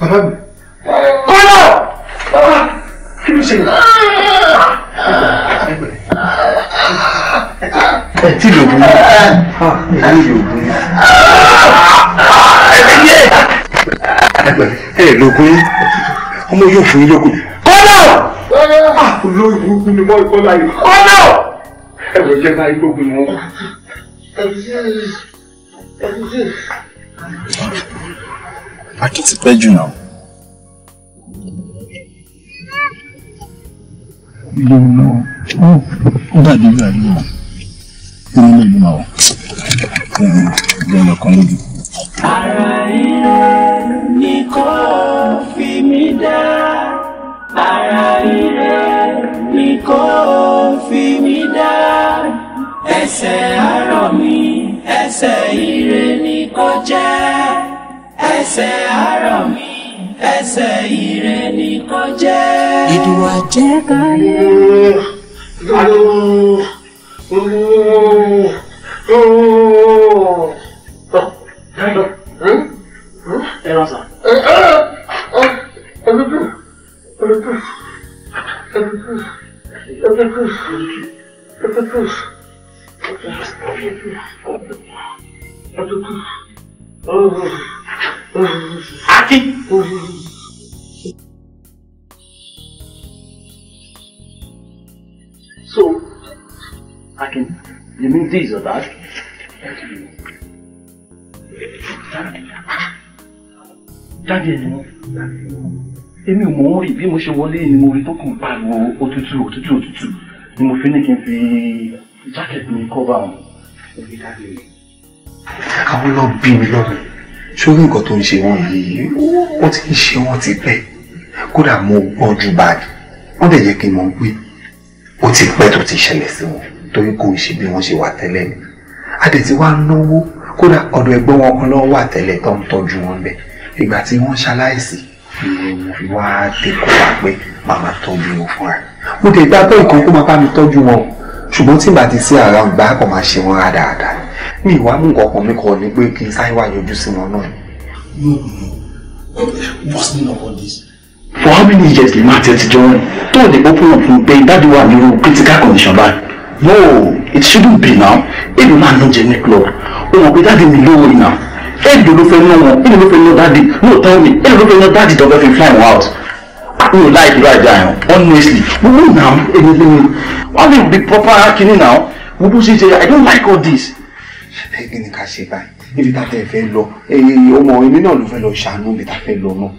bàbá kí ló ṣe yìí. ẹ tí lè wú ẹ ní lè wú ẹ lè wú ọmọ yóò fún yín lókun. kọ́lá olórí burúkú ni wọ́n kọ́lá yìí kọ́lá ẹ̀rọ jẹ́ báyìí gbogbo ni wọ́n kọ́. Aqui se pede não. Não, não. O dali, dali, não. Não, não, não. Não, não, não, não. Ara ire ni kò fi mí dá. Ara ire ni kò fi mí dá. Ẹsẹ̀ arọ mi, ó jẹ́ ẹsẹ̀ àárọ̀ mi ẹsẹ̀ ire ni kó jẹ́. ìdùnnú jẹ́ káyé. Thank you. Akin. So, can. you mean this or that? Jáde ni wọ́n. Èmi ò mọ̀ wọ́n rí bí mo ṣe wọlé ni mo rí tó kàn pariwo òtútù òtútù òtútù ni mo fi ní kí n fi jákẹ́tì mi kọ́ bá wọn. Òbí jáde ni àwọn lọ bí mi lọ́nà sórí nǹkan tó ń ṣe wọn yìí ó ti ń ṣe wọn ti pẹ́ kódà mo gbọ́n ju báàgì wọ́n dẹ̀ jẹ́ kí n mọ̀ pé ó ti pẹ́ tó ti ṣẹlẹ̀ sí wọn torí kò ń ṣe bí wọ́n ṣe wà tẹ́lẹ̀ ni adẹ̀ ti wá náwó kódà ọ̀dọ̀ ẹgbẹ́ wọn kan lọ́wọ́ wà tẹ́lẹ̀ tó ń tọ́jú wọn bẹ́ẹ̀ ìgbà tí wọ́n ṣaláìsí wá dé kó wá pé màmá tọ́jú wọn fúnra mo dẹ̀ gbàgbọ́ ìkan kó máa bá mi tọ́jú wọn o ṣùgbọ́n tí bá ti sí ara ń gbá kàn máa ṣe wọn rádaràda ní ìwà mú nǹkan ọkàn mi kọ ni pé kí n sáré wá yọjú sí wọn náà. what's the name of this. for how many years ni máa tẹ́tí jọ wọn tó ò dé gbọ́ fún òfin pé ìdádì wà nínú critical condition báyìí. no it shouldn't be now èmi máa ná jẹ ní club o mọ̀ pé dáàdi mi lówó iná èdè ló fẹ́ ná wọn èdè ló fẹ́ ná dáàdi no tell me èdè ló fẹ́ ná dáàdi tó fẹ́ fi fly wọn out mi ò láì dúró Honestly, we honestly gbogbo anything. ẹnìyẹn wọn lè be proper kini now gbogbo ṣe ṣe i don't like all this. ṣe kí ni ká ṣe báyìí níbi tá a fẹ́ fẹ́ lọ ọmọ èmi náà ló fẹ́ lọ ṣàánú mi tá a fẹ́ lọ náà.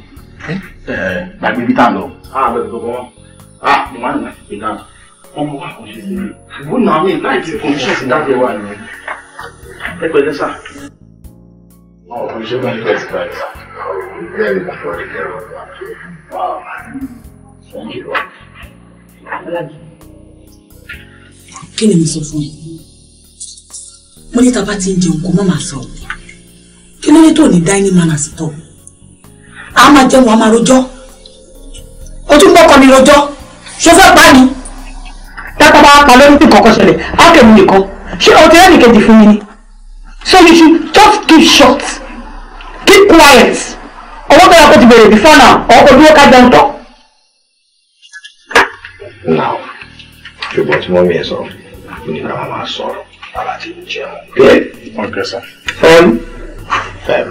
ẹ gbàgbé bí tá a lọ. a ah, bẹ̀rẹ̀ tó kọ́ wọn a ah, mo máa ń láti pè náà ọmọ wa kò ṣe sílẹ̀ ìwọ́n náà mi láì ti condition sí dáadé wa ni ẹ pẹ̀lẹ́ sà. ọ̀ ọ̀ ṣé bá ń tẹ̀síwájú kí ni mo sọ fún yín mo ní tàbá ti ń jẹun kó má máa sọ kí ló ní tó ní dining manners tọ a máa jẹun a máa rojọ́ o tún gbọ́kọ mi rojọ́ ṣo fẹ́ pa ni. dápá bá pa lórí tí nǹkan ṣẹlẹ̀ á kẹ́mi nìkan ṣé o ti rẹ́ nìkejì fún mi ni so you should just do lè bí sọ́nà ọkọ̀ dúró ká jẹun tọ́. now ṣùgbọ́n tí wọ́n mi ẹ̀ sọ mo ní káwọn máa sọ̀rọ̀ bàbá ti ń jẹun. ok sir. fẹ́m. fẹ́m.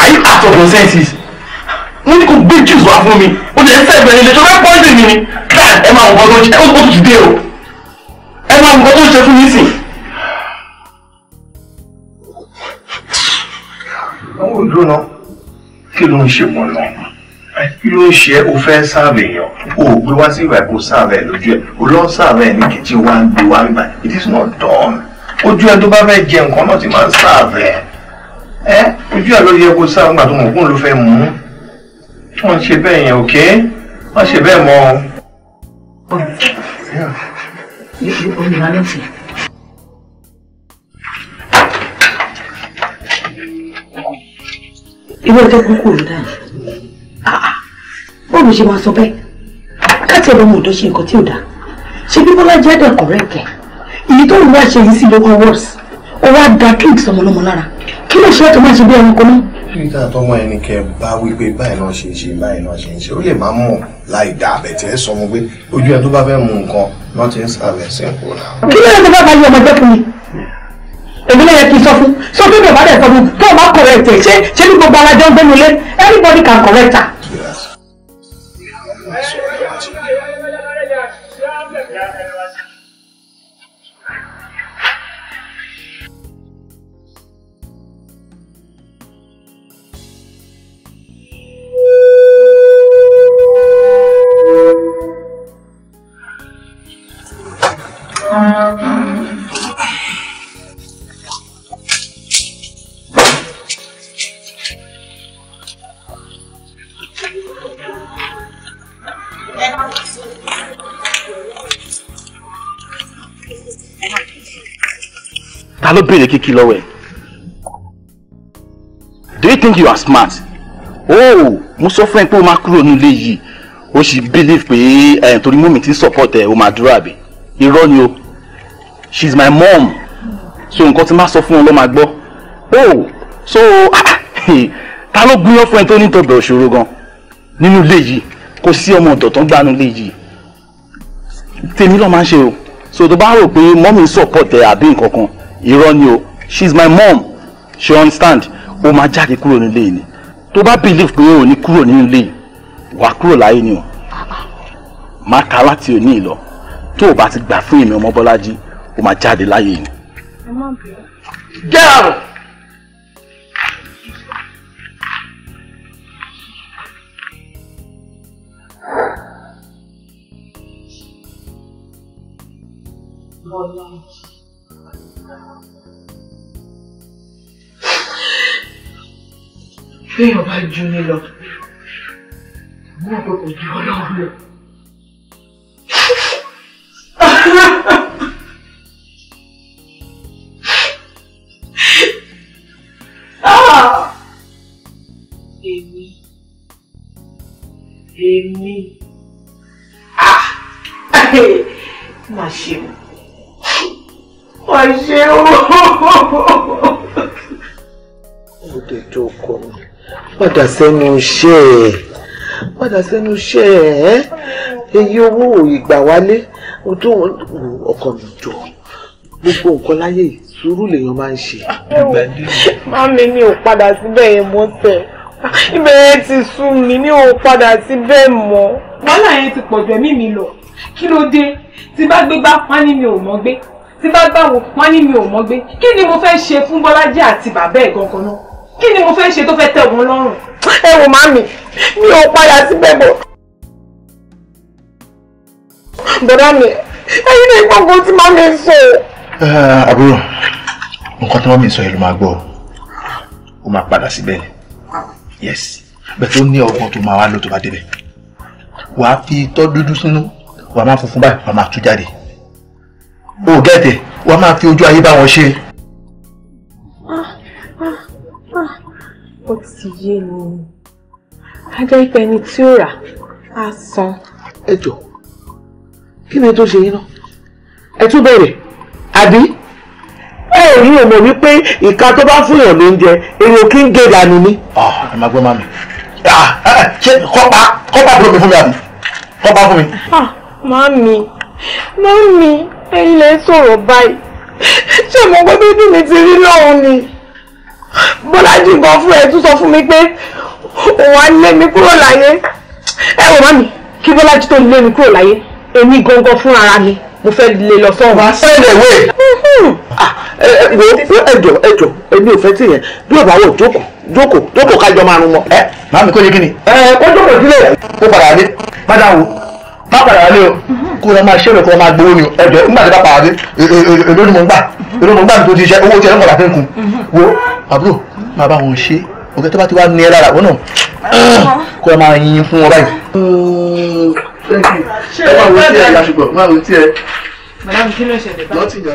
Are you out of your senses? juice wá fún mi ó lè fẹ́ bẹ̀rẹ̀ ilé ṣọlá pọ́ńdì mi ni káà ẹ máa wọ ọdún ẹ ó tún dé o ẹ máa wọ ọdún ṣe fún mi sìn. àwọn olùdóná kí ló ń ṣe wọn lọ kí ló ń ṣe ẹ o fẹ́ sáàbì èèyàn o ò gbé wá sí ìwà ẹ̀kọ́ sáàbì lójú ẹ̀ o lọ sáàbì ní kìtì wa ń gbé wá nígbà it is not done ojú ẹ tó bá fẹ́ jẹ nǹkan náà ti máa ń sáàbì ẹ ojú ẹ ló yẹ kó sáàbì gbà tó mọ̀ fẹ́ mú un wọ́n ṣe bẹ́ẹ̀ yẹn òkè wọ́n ṣe bẹ́ẹ̀ mọ́ ọ. ìwé ọjọ́ kúkú ló dáa bọ́ọ̀lù ṣe máa sọ bẹ́ẹ̀ káàtì ọ̀dọ́ ọmọ ọ̀dọ́ ṣe nǹkan tí ò dáa ṣe bí bọ́lá jẹ́ ẹ̀dẹ̀ kọ̀rẹ́ẹ̀kẹ́ èyí tó ń wá ṣe yìí sí lóko wọ́ọ̀sì ó wá da kí ìtìsọmọlọmọ lára kí ló ṣe é tó máa ṣe bí ẹranko náà. Peter àtọmọ ẹni kẹ bá wípé báyìí náà ṣe ń ṣe báyìí náà ṣe ń ṣe ó lè má mọ̀ láì dá àbẹ̀tẹ̀ ẹ sọ mo pé ojú ẹ tó bá fẹ́ mú nǹkan wọ́n ti ń sàbẹ̀ sí ipò náà. kí ló ń tó bá bá yí ọmọ jẹ́ fún mi èmi náà yẹ kí n sọ fún sọ fún mi ò bá dẹ̀ sọ fún tó o bá correct ẹ̀ ṣé ṣé ní gbogbo alájọ ń gbẹ́nu lé everybody can correct her. ta ló béèrè kíkí lọ́wọ́ ẹ̀ do you think you are smart oh mo sọ fún ẹ pé o máa kúrò nílé yìí o sì believe pé ẹ̀ eh, torí mọ́mì ti support ẹ̀ o máa dúró àbí irọ́ ni o. She's my mom so nǹkan tí máa sọ fún wọn ló máa oh so ta ló gbúyọ́ fún ẹ tó ní tọ̀dọ̀ òṣòro gan nínú ilé yìí kò sí ọmọ ọ̀dọ̀ tó ń gbà nílé yìí tèmi ló máa ń ṣe o so tó bá rò pé mọ́mí support ẹ àbí nǹkan kan irọ́ ni o she is my mom she understand o máa jáde kúrò nílé yìí ni tó bá believe pé o ní kúrò nínú ilé yìí wà kúrò láyé ni o máa ka láti òní ìlọ tó o bá ti gbà fún èmi ọmọ Bọ́lájí ó máa jáde láyé ni. jẹ́ àrùn. Fẹ́yàn bá ju ni lọ, àwọn ọ̀dọ́ kò ju ọlọ́run lọ. èmi má ṣe o má ṣe o. ó dé tó ọkọ mi padà sẹ́nu iṣẹ́ ẹ̀ padà sẹ́nu iṣẹ́ ẹ̀ èyí owó ìgbà wálé tó ọkọ mi jọ gbogbo nǹkan láyé sùúrù lèèyàn máa ń ṣe. mami mi ò padà síbẹ̀ yẹn mọ́tẹ́ ìbẹ̀rẹ̀ ti sú mi mi ò padà sí bẹ́ẹ̀ mọ́. wàhálà yẹn ti pọ̀jù ẹ̀mí mi lọ kí ló dé tí bá gbé bá pání mi ò mọ́ gbé tí bá gbàwò pání mi ò mọ́ gbé kí ni mo fẹ́ ṣe fún bọ́lájí àti bàbá ẹ̀ gangan náà kí ni mo fẹ́ ṣe tó fẹ́ tẹ̀ wọ́n lọ́rùn. ẹ wò màmí mi ò padà sí bẹ́ẹ̀ mọ́. bọ̀dá mi ẹ̀yin ní gbọ̀ngàn tí màmí sọ. àbúrò nǹkan tí màmí sọ yìí ló máa gbọ́ ó máa padà síbẹ̀ ni yes bẹ́ẹ̀ tó ní ọgbọ́n tó máa wá lò tó bá débẹ̀ wàá fi itọ́ dúdú sínú wàá máa funfun báyìí wàá máa tú jáde o gẹ́tẹ̀ wàá máa fi ojú ayé bá wọn ṣe. ó ti yé mi a jẹ́ pé ẹni tí ó rà á san. ẹ jọ kí ni tó ṣe yín náà ẹ tún bẹ̀rẹ̀ àbí ẹ ò rí òmò wípé ìka tó bá fún yàn ló ń jẹ èrò kí ń gé dànù ni. ẹ máa gbọ́ màmí ṣé kọ́pá kọ́pá bùrọ̀ mi fún mi àbí kọ́pá fún mi. màmí màmí ẹ̀yin lè sọ̀rọ̀ báyìí ṣé mo gbọ́ bí dùn mi ti rí lọ́hùn ni bọ́lájí gan fún ẹ tún sọ fún mi pé òun á lé mi kúrò láyé ẹ wò màmí kí bọ́lájí tó lé mi kúrò láyé èmi gangan fún mi mo fẹ́ lè lọ sọ́hùn. wàá sẹ́lẹ̀ wẹ̀ ẹjọ ẹjọ èmi ò fẹ́ tí yẹn bí ọba wò jókòó jókòó jókòó kájọ máa rún mọ. ẹ máa mi kó yé kíni. ẹ kó jókòó sílẹ̀ kó padà wálé padà wò má padà wálé o kó lọ máa ṣẹlẹ̀ kó lọ máa gbowó ni ẹjọ nígbà tí bá padà dé èló ni mo ń gbà èló ni mo ń gbà tó ti ṣe owó tí ẹ lọ́kọ̀ọ́ láti ń kun wo àbúrò máa bá wọn ṣe òkè tó bá ti wá ní ẹ lára wọn náà kó lọ máa yin fún wọn báyìí. ṣé ẹ máa wo tí ẹ yà ṣùgbọ́n máa wo tí ẹ.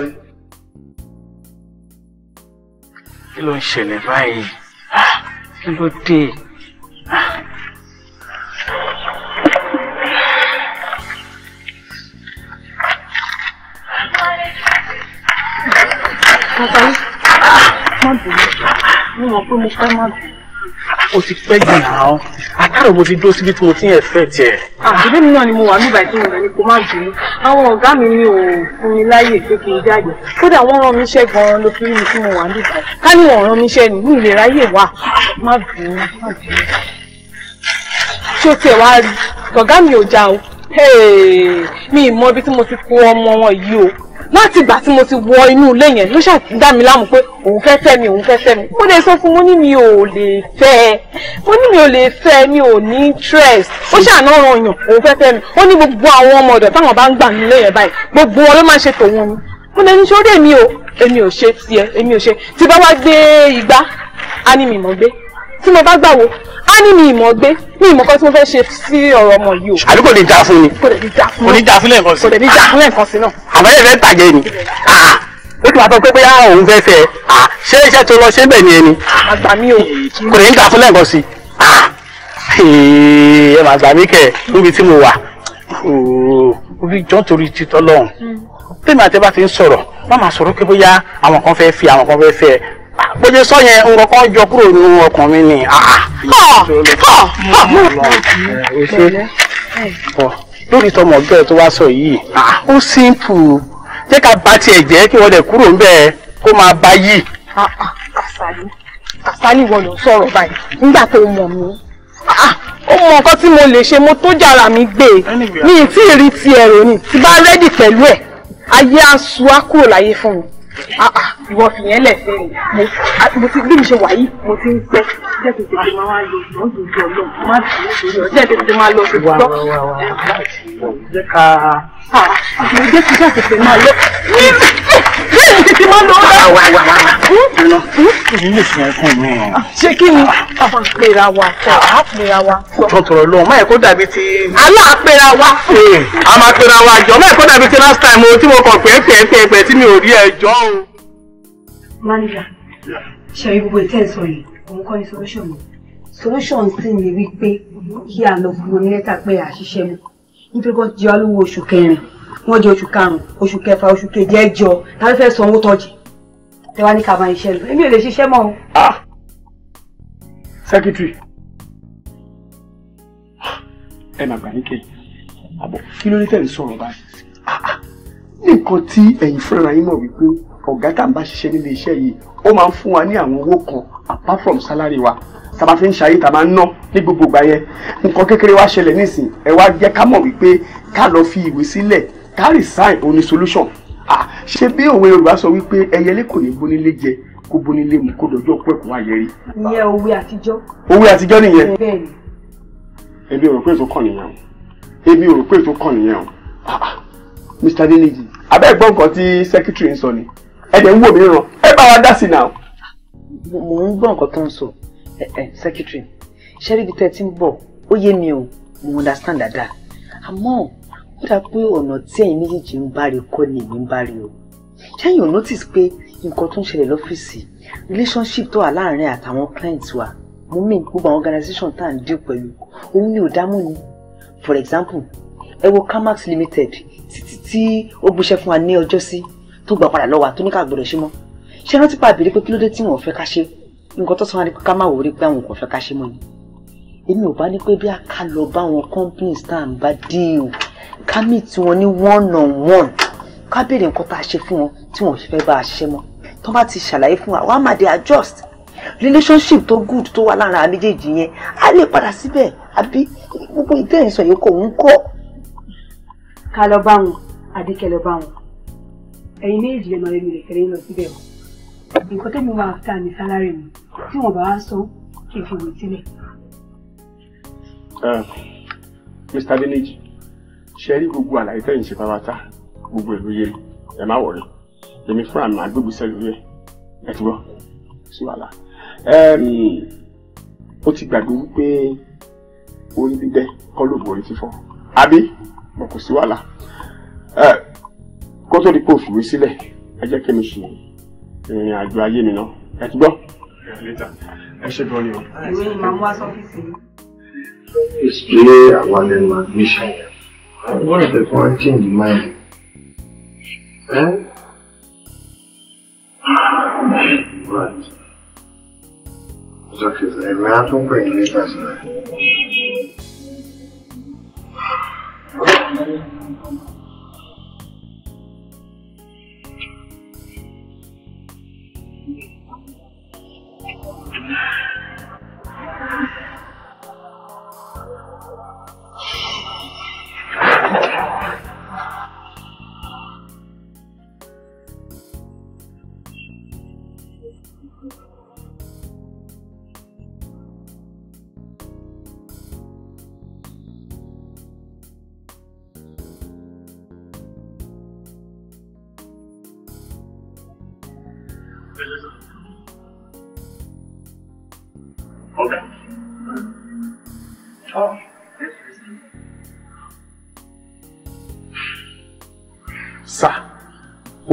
kí ló ń ṣẹlẹ̀ báyìí ah, kí ló dé. Bàbá ah. yìí, má bínú, mo mọ̀ pé mo fẹ́ má bínú o ti pẹ́ jù náà àtàrà mo ti dúró síbi tí mo ti ń ẹ̀fẹ́ tiẹ̀. àbúrò mi náà ni mo wà nígbà tí mo rẹ̀ ni kò má bínú àwọn ọ̀gá mi ni ò fún mi láyè pé kí n jáde kódà wọ́n rán mi iṣẹ́ gan-an ló fi rí mi tí mo wà nígbà ká ní wọ́n rán mi iṣẹ́ nínú ìlera yè wá má bínú má bínú. tí o tiẹ̀ wá rí ọ̀gá mi ò já o mi ì mọ ibi tí mo ti kó ọmọ wọn yìí o láti ìgbà tí mo ti wọ inú ilé yẹn ló ṣáà dá mi láàmú pé òun fẹ́ fẹ́ mi òun fẹ́ fẹ́ mi mo lè sọ fún mo ní mi ò lè fẹ́ mo ní mi ò lè fẹ́ mi ò ní interest ó ṣàná ran yàn òun fẹ́ fẹ́ mi ó ní gbogbo àwọn ọmọ ọ̀dọ̀ táwọn bá ń gbà nílé yẹn báyìí gbogbo wọn ló máa ṣe tòun ni mo lè ní sórí èmi o èmi ò ṣe tiẹ̀ èmi ò ṣe tí bá wá gbé igbá á ní mi mọ̀ gbé tí mo bá gbàwó á ní mi ìmọ̀ gbé ní ìmọ̀ kan tí mo fẹ́ ṣe sí ọ̀rọ̀ ọmọ yìí o. àbí kò ní dáa fún ni. kò ní dáa fún lẹ́ẹ̀kan sí. kò lè ní dáa fún lẹ́ẹ̀kan sí náà àbáyé fẹ́ tàjẹ́ ni ó ti wá sọ pé bóyá òun fẹ́ fẹ́ ṣé iṣẹ́ tó lọ ṣé bẹ́ẹ̀ ni ẹni kò ní ta fún lẹ́ẹ̀kan sí ẹ màá gbà mí kẹ níbi tí mo wà orí jọ́n torí títọ́ lọ́hùn tèmi àti ẹ bá ti ń sọ̀rọ̀ wọ́n máa sọ̀rọ̀ pé bóyá àwọn kan fẹ́ fi àwọn kan fẹ́ fẹ́ bójú sọ yẹn nǹkan kan jọ kúrò nínú ọkàn mi ni lórí tọmọ ọgá ẹ tó wá sọ yìí ó simple jẹ́ ká bá tiẹ̀ jẹ́ kí wọ́n dẹ̀ kúrò ń bẹ́ẹ̀ kó máa bá yìí. Kàsálí Kàsálí wọ́n lọ sọ̀rọ̀ báyìí nígbà tó mọ̀ mí ó mọ nǹkan tí mo lè ṣe mo tó jàrà mi gbé mi ì tí ì rí ti ẹ̀rọ ni ti bá rẹ́dì pẹ̀lú ẹ̀ ayé á á kúrò láyé fún mi ìwọ fi yẹn lẹ̀ sẹ́yìn mo ti bí mi ṣe wà yìí mo ti ń pẹ́ jẹ́ kí n tètè máa wá lọ ìwọ́n tó di ọlọ́ má ti lè sọ jẹ́ kí n tètè máa lọ sí tọ́. jẹ́ ká jẹ́ kí n tètè máa lọ ṣe títí mọ́ lọ. wà wà wà wà èyí lè fi ẹkún mi. ṣé kí ni àpèrà wa sọ àpèrà wa sọ. tó tọrọ lọ máa kó dàbí ti. aláàpèrà wa. a máa pèrà wa jọ máa kó dàbí ti last time o tí mo kàn pé pé pé pé tí mi ò rí ẹ jọ o. manager ṣe gbogbo ìtẹ́sọ̀ yìí òun kọ́ ni solution mi solution sì ni wípé kí a lọ fún un ní lẹ́tà pé àṣìṣe mi nítorí kó jẹ́ olówó oṣù kẹrin wọ́n jẹ́ oṣù karùn-ún oṣù kẹfà oṣù keje ẹjọ ta ló fẹ́ san owó tọ́jì tẹ wá ní ká máa iṣẹ́ lọ èmi ò lè ṣiṣẹ́ mọ́ o. Ah! sẹ́kítírì ẹ màgbà ní kẹ́yìn àbọ̀ kí ló ní tẹ̀ ń sọ̀rọ̀ báyìí ah, ah, nǹkan tí ẹ̀yin fúnra yín mọ̀ wípé ọ̀gá tá à ń bá ṣiṣẹ́ nílé iṣẹ́ yìí ó máa ń fún wa ní àwọn owó kan apart from salary wa tá a bá fi ń ṣayé tá a máa ń ná ní gbogbo ìgbà yẹn nǹkan kékeré wá ṣẹlẹ̀ nísìn ẹ wá jẹ́ ká mọ̀ wípé ká lọ fi ìwé sílẹ̀ ká resign òun ni solution ah, ṣe bí òwe Yorùbá sọ wípé ẹyẹlé kò ní gbónílé jẹ kó gbónílé mu kó dọjọ́ pẹ kó wá yẹrí. ìyẹn òwe àtijọ́. òwe àtijọ́ nìyẹn. bẹ́ẹ̀ni. ebi ò rò pé èso kàn nìyẹn o ebi ò rò pé kàn nìyẹn o ah, ah, Mr. Deniji abẹ́ gbọ́ nǹkan tí secretary ń sọ ni ẹ̀jẹ̀ ń wò mí ràn ẹ bá wa dá sí náà. mo ń gbọ́ nǹkan tó ń sọ secretary ṣẹ́ríbi tẹ́ ti ń bọ̀ ó yé mi o mo understand dáadáa àmọ́ ó dà pé ọ̀nà tí ẹ̀yin méjèèjì ń bá rí kọ́ ni èmi ń bá rí o ṣẹ́yìn ò notice pé nǹkan tó ń ṣẹlẹ̀ lọ́fíìsì relationship tó wà láàárín àtàwọn clients wa mo mean gbogbo àwọn organisation tá à ń deal pẹ̀lú òun ni ò dámú ni for example ẹ wo Kamax Limited títí tí ó gbéṣẹ́ fún wa ní ọjọ́ sí tó gbà padà lọ́wọ́ àtúnika àgbọ̀dọ̀ ṣe mọ́ ṣé rántí pa àbèrè pé kí ló dé tí wọn ò fẹ́ ká ṣe nǹkan tó sọ wá ni pé ká má wòrí pé àwọn kò fẹ́ ká ṣe mọ́ ni èmi ò bá ní pé bí a ká lọ bá àwọn companies tá à ń bá deal ká meet wọn ní one on one ká béèrè nǹkan tá a ṣe fún wọn tí wọn ò ṣe fẹ́ bá a ṣe mọ́ tó bá ti ṣàlàyé fún wa wàá má de adjust relationship tó good tó wà lára méjèèjì yẹn á lè padà síbẹ̀ àbí gbogbo ìtẹ́ ìsọ̀ yìí kò ń kọ́. ká lọ bá wọn àdìkẹ́ lọ bá wọn ẹ̀yin méjì lè máa rí mi lè kẹrẹ lọ síbẹ̀ o nǹkan tó mú wa ta ní sálárì mi tí wọn bá wá sọ kí n fi wò sílẹ̀. Ah, Mr. Village ṣe rí gbogbo àlàyé tẹ́yìn ṣe pàápàá gbogbo ìlú yé ẹ má wọ̀rí èmi fúnra mi àgbègbè sẹ́lẹ̀ lórí ẹ̀ ẹ ti gbọ́ sí wàhálà ó ti gbàgbé wípé orí dídẹ kọ́ ló borí fífọ́ àbí wọn kò sí wàhálà kó tó di pé òfìwé sílẹ̀ ẹ jẹ́ kí mi ṣe ìrìn àjò ayé mi náà ẹ ti gbọ́ ẹ ṣe gan ni o. ìwé ni màá mú wá sọ́fíìsì mi. explain our learning mission. What if they want to change your mind? It's okay, they ran to bring me personally.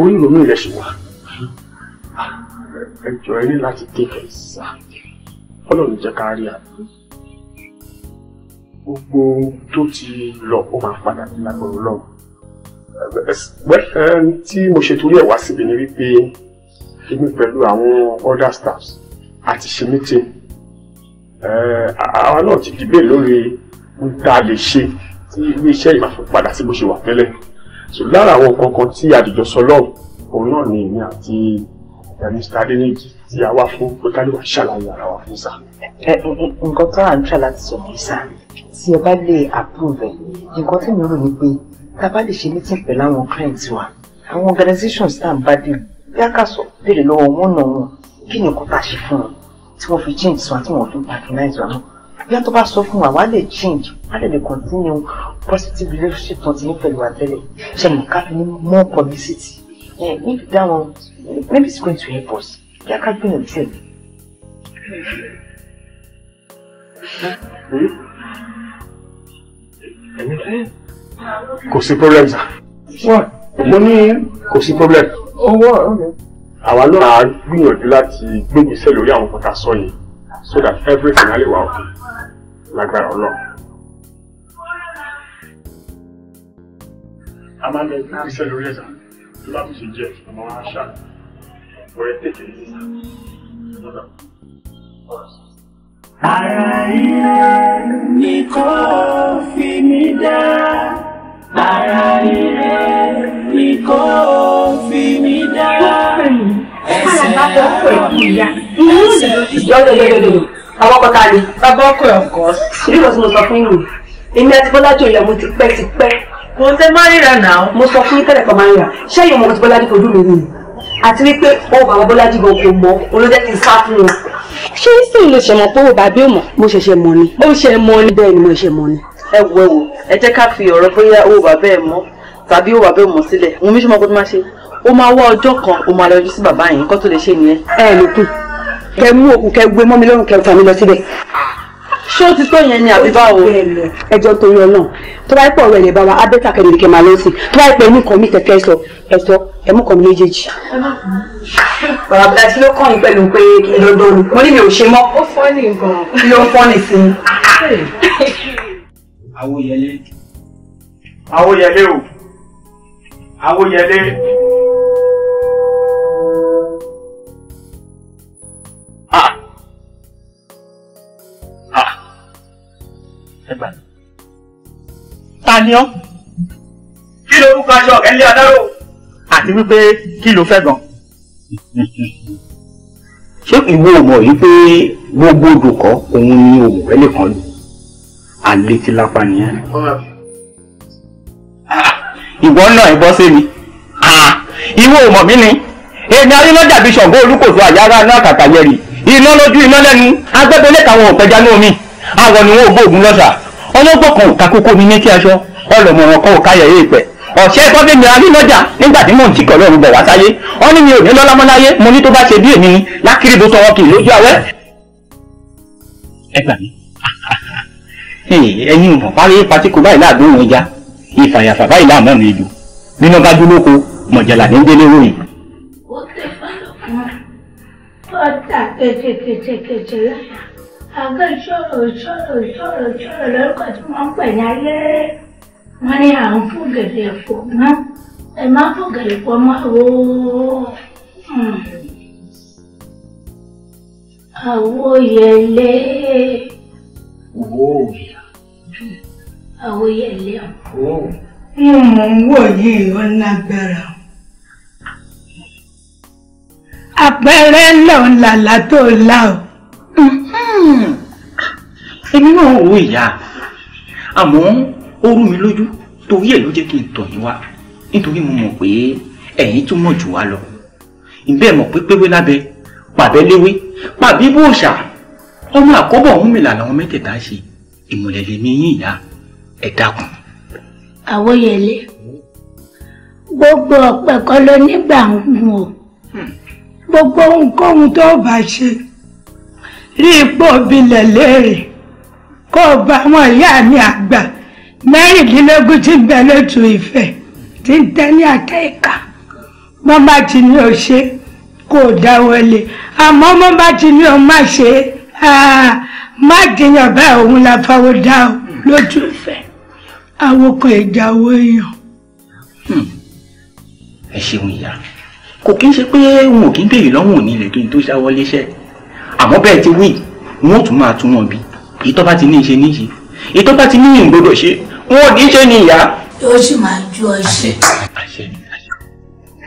orí ìrònú rẹ̀ ṣì wà ẹjọ́ ẹ ní láti kéèké sá ọlọ́run jẹ́ ká rí àná gbogbo tó ti lọ ó máa padà ní lágbọ̀rọ̀ lọ́wọ́ tí mo ṣe torí ẹ̀ wá síbi ni wípé èmi pẹ̀lú àwọn other staffs àti ṣe meeting àwa náà ti dìbè lórí ohun tá a lè ṣe tí iléeṣẹ́ ìmọ̀ fún padà sí bó ṣe wà tẹ́lẹ̀ so lára àwọn kankan tí àdìjọ sọ lọ́wọ́ náà ni èmi àti Mr. Adeniji tí a wá fún pé ká lè wá ṣàlàyé ara wa fún sá. nǹkan tó à ń tà láti sọ ní sá tí ẹ bá lè approve ẹ nǹkan tí mi rò ní pé tá a bá lè ṣe meeting pẹ̀lú àwọn clients wa àwọn organizations tá à ń bá dé bí a kà sọ béèrè lọ́wọ́ wọn náà wọn kí ni nǹkan a ṣe fún wọn tí wọ́n fi change wa tí wọ́n fi patronize wa náà bí a tó bá sọ fún wa wàá lè change wàá lè lè continue positive relationship tó ti ní pẹ̀lú wa ṣe mọ̀ ká publicity. Yeah, if that one, maybe it's going to help us. They are helping themselves. Kò sí problem sir. What? Money. ní kò problem. Oh, what? mi. Àwa náà á gbìyànjú láti gbégbèsè lórí àwọn kan tá a sọ so that everything will lè wà òkè lágbára Ọlọ́run. A máa ń lọ gbégbèsè tó bá fi ṣe jẹ́ ọmọ wa ṣá ọ̀rẹ́ tètè ní sísá lọ́dọ̀. ara ilé ni kò fi mí dá ara ilé ni kò fi mí dá. ẹsẹ̀ ọ̀rọ̀ àwọn ọkọ̀ ta ni. bàbá ọkọ̀ ẹ̀ ọ̀kọ́. ìdí mo sọ fún yìí èmi àti bọ́lájò ìyàwó ti pẹ́ ti pẹ́ wọ́n tẹ́ máa ríra náà. mo sọ fún tẹ́lẹ̀ kan máa ríra ṣé ìyẹn ọmọ tí bọ́lájí fojú mi nìyí àti wípé ó bàbá bọ́lájí gan kò mọ olójẹ́ ti sá fún un. ṣé sì lè ṣe mọ̀ pé o bàbí ò mọ̀. mo ṣẹ̀ṣẹ̀ mọ̀ ni. ó ṣe mọ̀ ni. bẹ́ẹ̀ ni mo ṣe mọ̀ ni. ẹ wo ẹ wo ẹ jẹ́ ká fi ọ̀rọ̀ bóyá ó bàbá ẹ̀ mọ́ tàbí ó bàbá ẹ̀ mọ́ sílẹ̀ mo mí ṣe mọ́ kó tó má ṣe ó máa wá ọjọ́ kan ó máa lọ́jú sí bàbá yẹn kó tó lè ṣe nìyẹn. ẹ ẹ lókun kẹ mú òkú kẹ gbé mọ́ mi lọ́rùn kẹ fà mí lọ síbẹ̀. Ah ṣé ó ti tó yẹn ni àbí báwo. ẹjọ́ torí ọlọ́run tó bá pọ̀ rẹ̀ lè bá wa abẹ́tà kẹ́lẹ́ kẹ́ máa lọ sí tó bá pẹ́ ní nǹkan mi tẹ̀kẹ́ sọ ẹ̀sọ́ ẹ̀mú kan méjèèjì. bàbá bàbá tí ló kàn yín pẹ̀lú pé kí n lọ́dọ̀ olù mo ní mi ò ṣe mọ́. ó fọ́ ní nǹkan. kí ló ń fọ́ ní sí àwòyẹlé àwòyẹlé o àwòyẹlé. ẹgbà ta ni ọ́ kí ló orúkọ aṣọ ọ̀kẹ́lẹ́ adáró àti wípé kí ló fẹ́ gan ṣé ìwọ ò mọ̀ yìí pé gbogbo odòkọ òun ni òmùwẹ́ nìkan lò àlétí lápá nìyẹn ìwọ náà ẹ bọ́ sí mi ìwọ ò mọ̀ mí ni èmi arínájà bíi ṣọ̀gbọ́n olúkòso àyàrá náà kàkàyẹ̀rì iná lójú iná lẹ́nu agbẹ́bẹ́lẹ́ káwọn ò pẹja ní àwọn ni wọn ò gbóògùn lọ́sà ọlọ́gbọ̀n kan ò ta kókó mi ní tí aṣọ ọlọ́mọràn kan ò káyà yé ìpẹ́ ọ̀sẹ̀ tó fi mìíràn ní lọ́jà nígbà tí mò ń tìkọ̀ lọ́rùn bọ̀ wá sáyé wọ́n ní mi ò ní lọ́lámọ́láyé mo ní tó bá ṣe bí èmi ni lákìrìbó tọwọ́ kì í lójú àwẹ́. ẹ gbà mí ẹyin ìmọ̀ parí patiko báyìí láàdúró ìjà ìfàyàfà báyìí láàmú mi lù nínú bá dúlóko mọ̀jàlá ní délé ròyìn. ó tẹ̀ fọ́lọ́kùn ọ̀tà kẹ̀kẹ̀kẹ̀kẹ̀ láyà àgọ́ ìṣòro ìṣòro ìṣòro ìṣòro lórúkọ tí wọ́n ń pè ní ayé wọ́n ní à ń fún gèdè fò mọ́ ẹ má fún gèdè fò mọ́ ooo àwòyẹlé àwòyẹlé mo ń wò ní ìlú lágbára àpẹẹrẹ ńlá ńlá tó láò. Hmm. èmi náà wò ìyá àmọ́ ó rú mi lójú torí ẹ̀ ló jẹ́ kí n tọ̀ yín wá nítorí mo mọ̀ pé ẹ̀yin tún mọ̀ jù wá lọ ìbẹ́ẹ̀ mọ̀ pé pépé lábẹ́ pàbẹ́ léwé pàbí bóòṣà ọmọ àkọ́bọ̀ ọ̀hún mi làwọn mẹ́tẹ̀ẹ̀ta ṣe ìmùlẹ̀ lèmi yín ìyá ẹ̀ dákun. àwòyẹlé gbogbo ọ̀pẹ̀ ló nígbà ń hmm. gbogbo ohunkóhun tó bá ṣe rí ipò bilẹ̀ léèrè kó o bá wọn ìyá mi àgbà mẹ́rìndínlógún tí ń bẹ lótú ìfẹ́ tí ń tẹ́ ní àtẹ ìka wọ́n bá ti ní o ṣe kó o dá wọlé àmọ́ wọ́n ti ní o má ṣe ah, má dìyàn báyìí òun la fọwọ́ dá o lótú ìfẹ́ àwòkọ ìjà owó èèyàn. Hmm. ẹ ṣeun ìyá kò kí n ṣe pé n ò kí n béèrè lọ́wọ́ òní ilẹ̀ kí n tó ṣáwọ́ léṣẹ́ àmọ́ bẹ́ẹ̀ ti wí wọn ò tún máa tún wọn bí èyí tó bá ti ní í ṣe níyì èyí tó bá ti ní ìgbọdọ̀ ṣe wọn ò ní í ṣe ní ìyá. yóò sì máa ju ọṣẹ.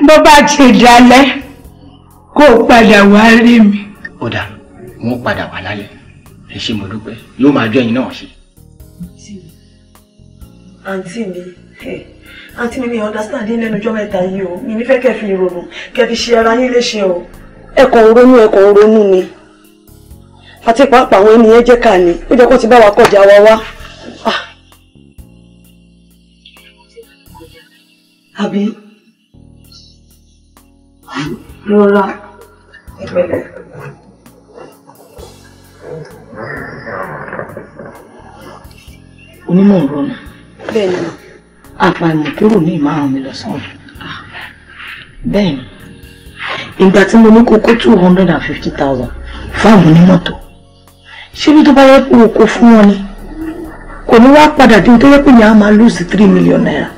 bó bá ti dalẹ̀ kó o padà wá rí mi. ó dà wọn padà wá lálẹ́ ẹ ṣé mo dúpẹ́ yóò máa jọ ẹ̀yin náà ṣe. àǹtí mi àǹtí mi mi understand ní lẹ́nu ọjọ́ mẹ́ta yìí o mi nífẹ̀ẹ́ kẹ́ fi ìrònú kẹ́ fi ṣe ara yín léṣe o. ẹ kàn ń ronú ẹ kàn ń ronú ni àti pàápàá àwọn ènìyàn jẹ́ ká ní ó jẹ́ kó ti bá wa kọjá wa wá. Ah. àbí rọra ìpẹ̀lẹ́. onímọ̀ ọ̀rọ̀ nù. bẹ́ẹ̀ni. àpàlẹ̀ kúrò ní ìmárùn mi lọ́sàn-án. Ah. bẹ́ẹ̀ni ìgbà tí mo ní kókó two hundred and fifty thousand fáwọn onímọ̀tò ṣé bí tó bá yẹ kó kó fún wọn ni kò ní wá padà bí tó yẹ pé ní a máa lose three million naira.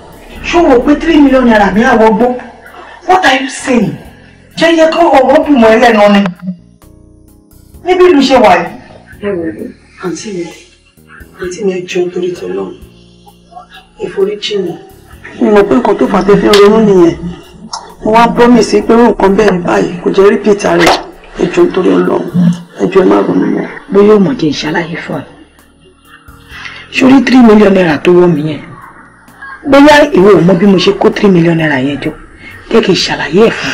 ṣó wò pé three million naira mi àwọ̀ gbó what are you saying jẹ́ yẹ kó ọ̀rọ̀ bù mọ́ ẹlẹ́nu ni níbi ìlú ṣe wà yìí. ẹ wò ó àǹtí mi àǹtí mi ẹ jẹun torí tọ́lọ́ ìforíjì mi. mi mọ̀ pé nǹkan tó fà á tẹ́ ronú nìyẹn mo wá promise pé nǹkan bẹ́ẹ̀ ni báyìí kò jẹ́ repeat rẹ̀ ẹjọ́ torí ọlọ́run ẹjọ́ ẹ má ronú yẹn. bóyá ò mọ̀ jẹ́ ìṣàlàyé fún ọ sórí three million naira tó wọ́ mi yẹn bóyá ìwọ ò mọ bí mo ṣe kó three million naira yẹn jọ jẹ́ kí n ṣàlàyé ẹ̀ fún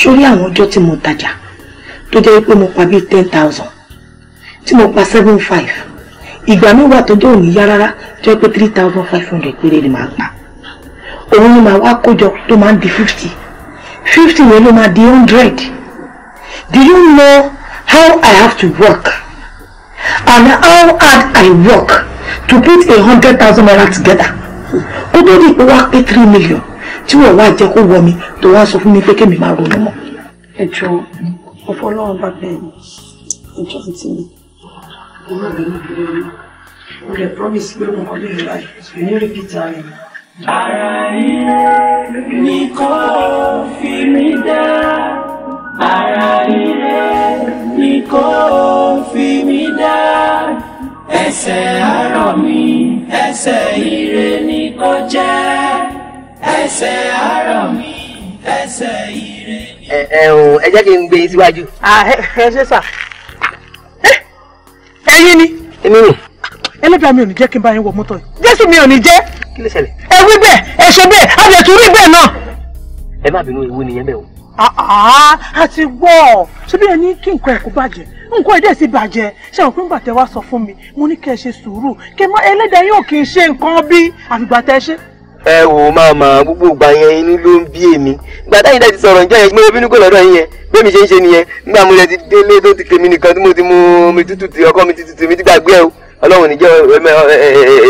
sórí àwọn ọjọ́ tí mo tajà tó jẹ́ pé mo pa bíi ten thousand tí mo pa seven five ìgbà mi wà tọjọ́ òní yá rárá tó jẹ́ pé three thousand five hundred péré ni màá pa òun ni màá wá kójọ tó máa di fifty fifty yẹn ló máa di hundred. Do you know how I have to work? And how hard I work to put a hundred thousand naira together? Who do di work a three million tí wọ́n wá jẹ́ kó wọ mi tó wá sọ fún mi pé kémi máa ronú mọ́. Ẹ jọ ọ̀fọ̀ ọlọ́run bá bẹ̀rẹ̀ ẹ jọ àǹtí mi. Olóògbé ló fi lóyún. Mo lè promise pé mo kọ́ lè rí báyìí. Mo ní rí Peter rẹ̀. Ara yín ni kò fi mí dá ara rire ni kò fi mí dá ẹsẹ̀ àárọ̀ mi ẹsẹ̀ ire ni kò jẹ́ ẹsẹ̀ àárọ̀ mi ẹsẹ̀ ire ni. ẹ ẹ o ẹ jẹ́ kí n gbé yín síwájú. ẹ ṣe sà ẹ̀yin ni. èmi ni. ẹlẹ́dàá mi ò ní jẹ́ kí n bá yín wọ mọ́tò yìí. jésù mi ò ní jẹ́. kí ló ṣẹlẹ̀. ẹ wí bẹ́ẹ̀ ẹ ṣe bẹ́ẹ̀ a lè tún rí bẹ́ẹ̀ náà. ẹ má bínú ewu nìyẹn bẹ́ẹ̀ o. Ah, ah, a ti gbọ́ ṣé bí ẹni kí nǹkan ẹ̀ kó bàjẹ́ nǹkan ẹ̀dẹ̀ sì bàjẹ́ ṣé àwọn pínpà tẹ wá sọ fún mi mo ní kẹ́ ẹ ṣe sùúrù kẹ́ mọ ẹlẹ́dàá yóò kì í ṣe nǹkan bí àfìgbà tẹ ṣe. ẹ wò màmá gbogbo ìgbà yẹn inú ló ń bí èmi ìgbà táyì dá ti sọ̀rọ̀ ǹjẹ́ yẹn gbọ́dọ̀ bínú kò lọ́dọ̀ yín yẹn bẹ́ẹ̀ mi ṣe ń ṣe nìyẹn nígbà mo lẹ ti délé tó ti tèmi nìkan tí mo ti mú mi tútù ti ọkọ mi ti tutù ọlọ́run níjẹ́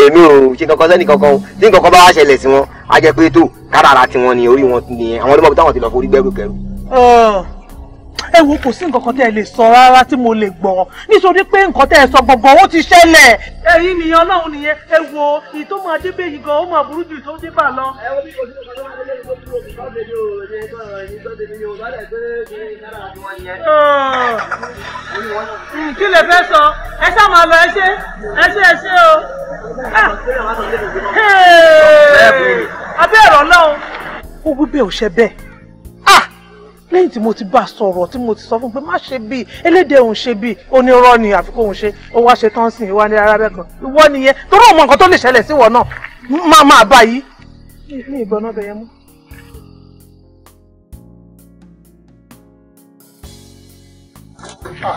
èmi ò ṣe kankan sẹ́ni kankan o tí nǹkan bá wá ṣẹlẹ̀ sí wọn á jẹ́ pé tó kádàrá tiwọn ni orí wọn nìyẹn àwọn ọlọ́mọbi táwọn ti lọ forí gbẹ́rù kẹrù. Ah ẹ wo kò sí nǹkan kan tẹ́ ẹ lè sọ rárá tí mo lè gbọ́ nítorí pé nǹkan tẹ́ ẹ sọ gbọ̀ngàn ó ti ṣẹlẹ̀. ẹ̀yin nìyẹn Ọlọ́run nìyẹn ẹ wo ìtò máa dé bẹ́yìí gan ó máa burú ju ìtò dé bà lọ. kí lè fẹ́ sọ ẹ ṣáà máa lọ ẹ ṣe ẹ ṣe ẹ ṣe o. Ah. abẹ́ ẹ̀rọ náà. ó bẹ́ẹ̀ ò ṣe bẹ́ẹ̀ lẹ́yìn tí mo ti bá sọ̀rọ̀ tí mo ti sọ fún pé má ṣe bíi elédè òun ṣe bíi onírọ́ ni àfi kó òun ṣe ó wá ṣe tán sìn ìwà ní arábẹ́ kan ìwọ nìyẹn torí ọmọ nǹkan tó lè ṣẹlẹ̀ sí náà má má bá yìí ní ìbọn náà bẹ̀yẹn mú.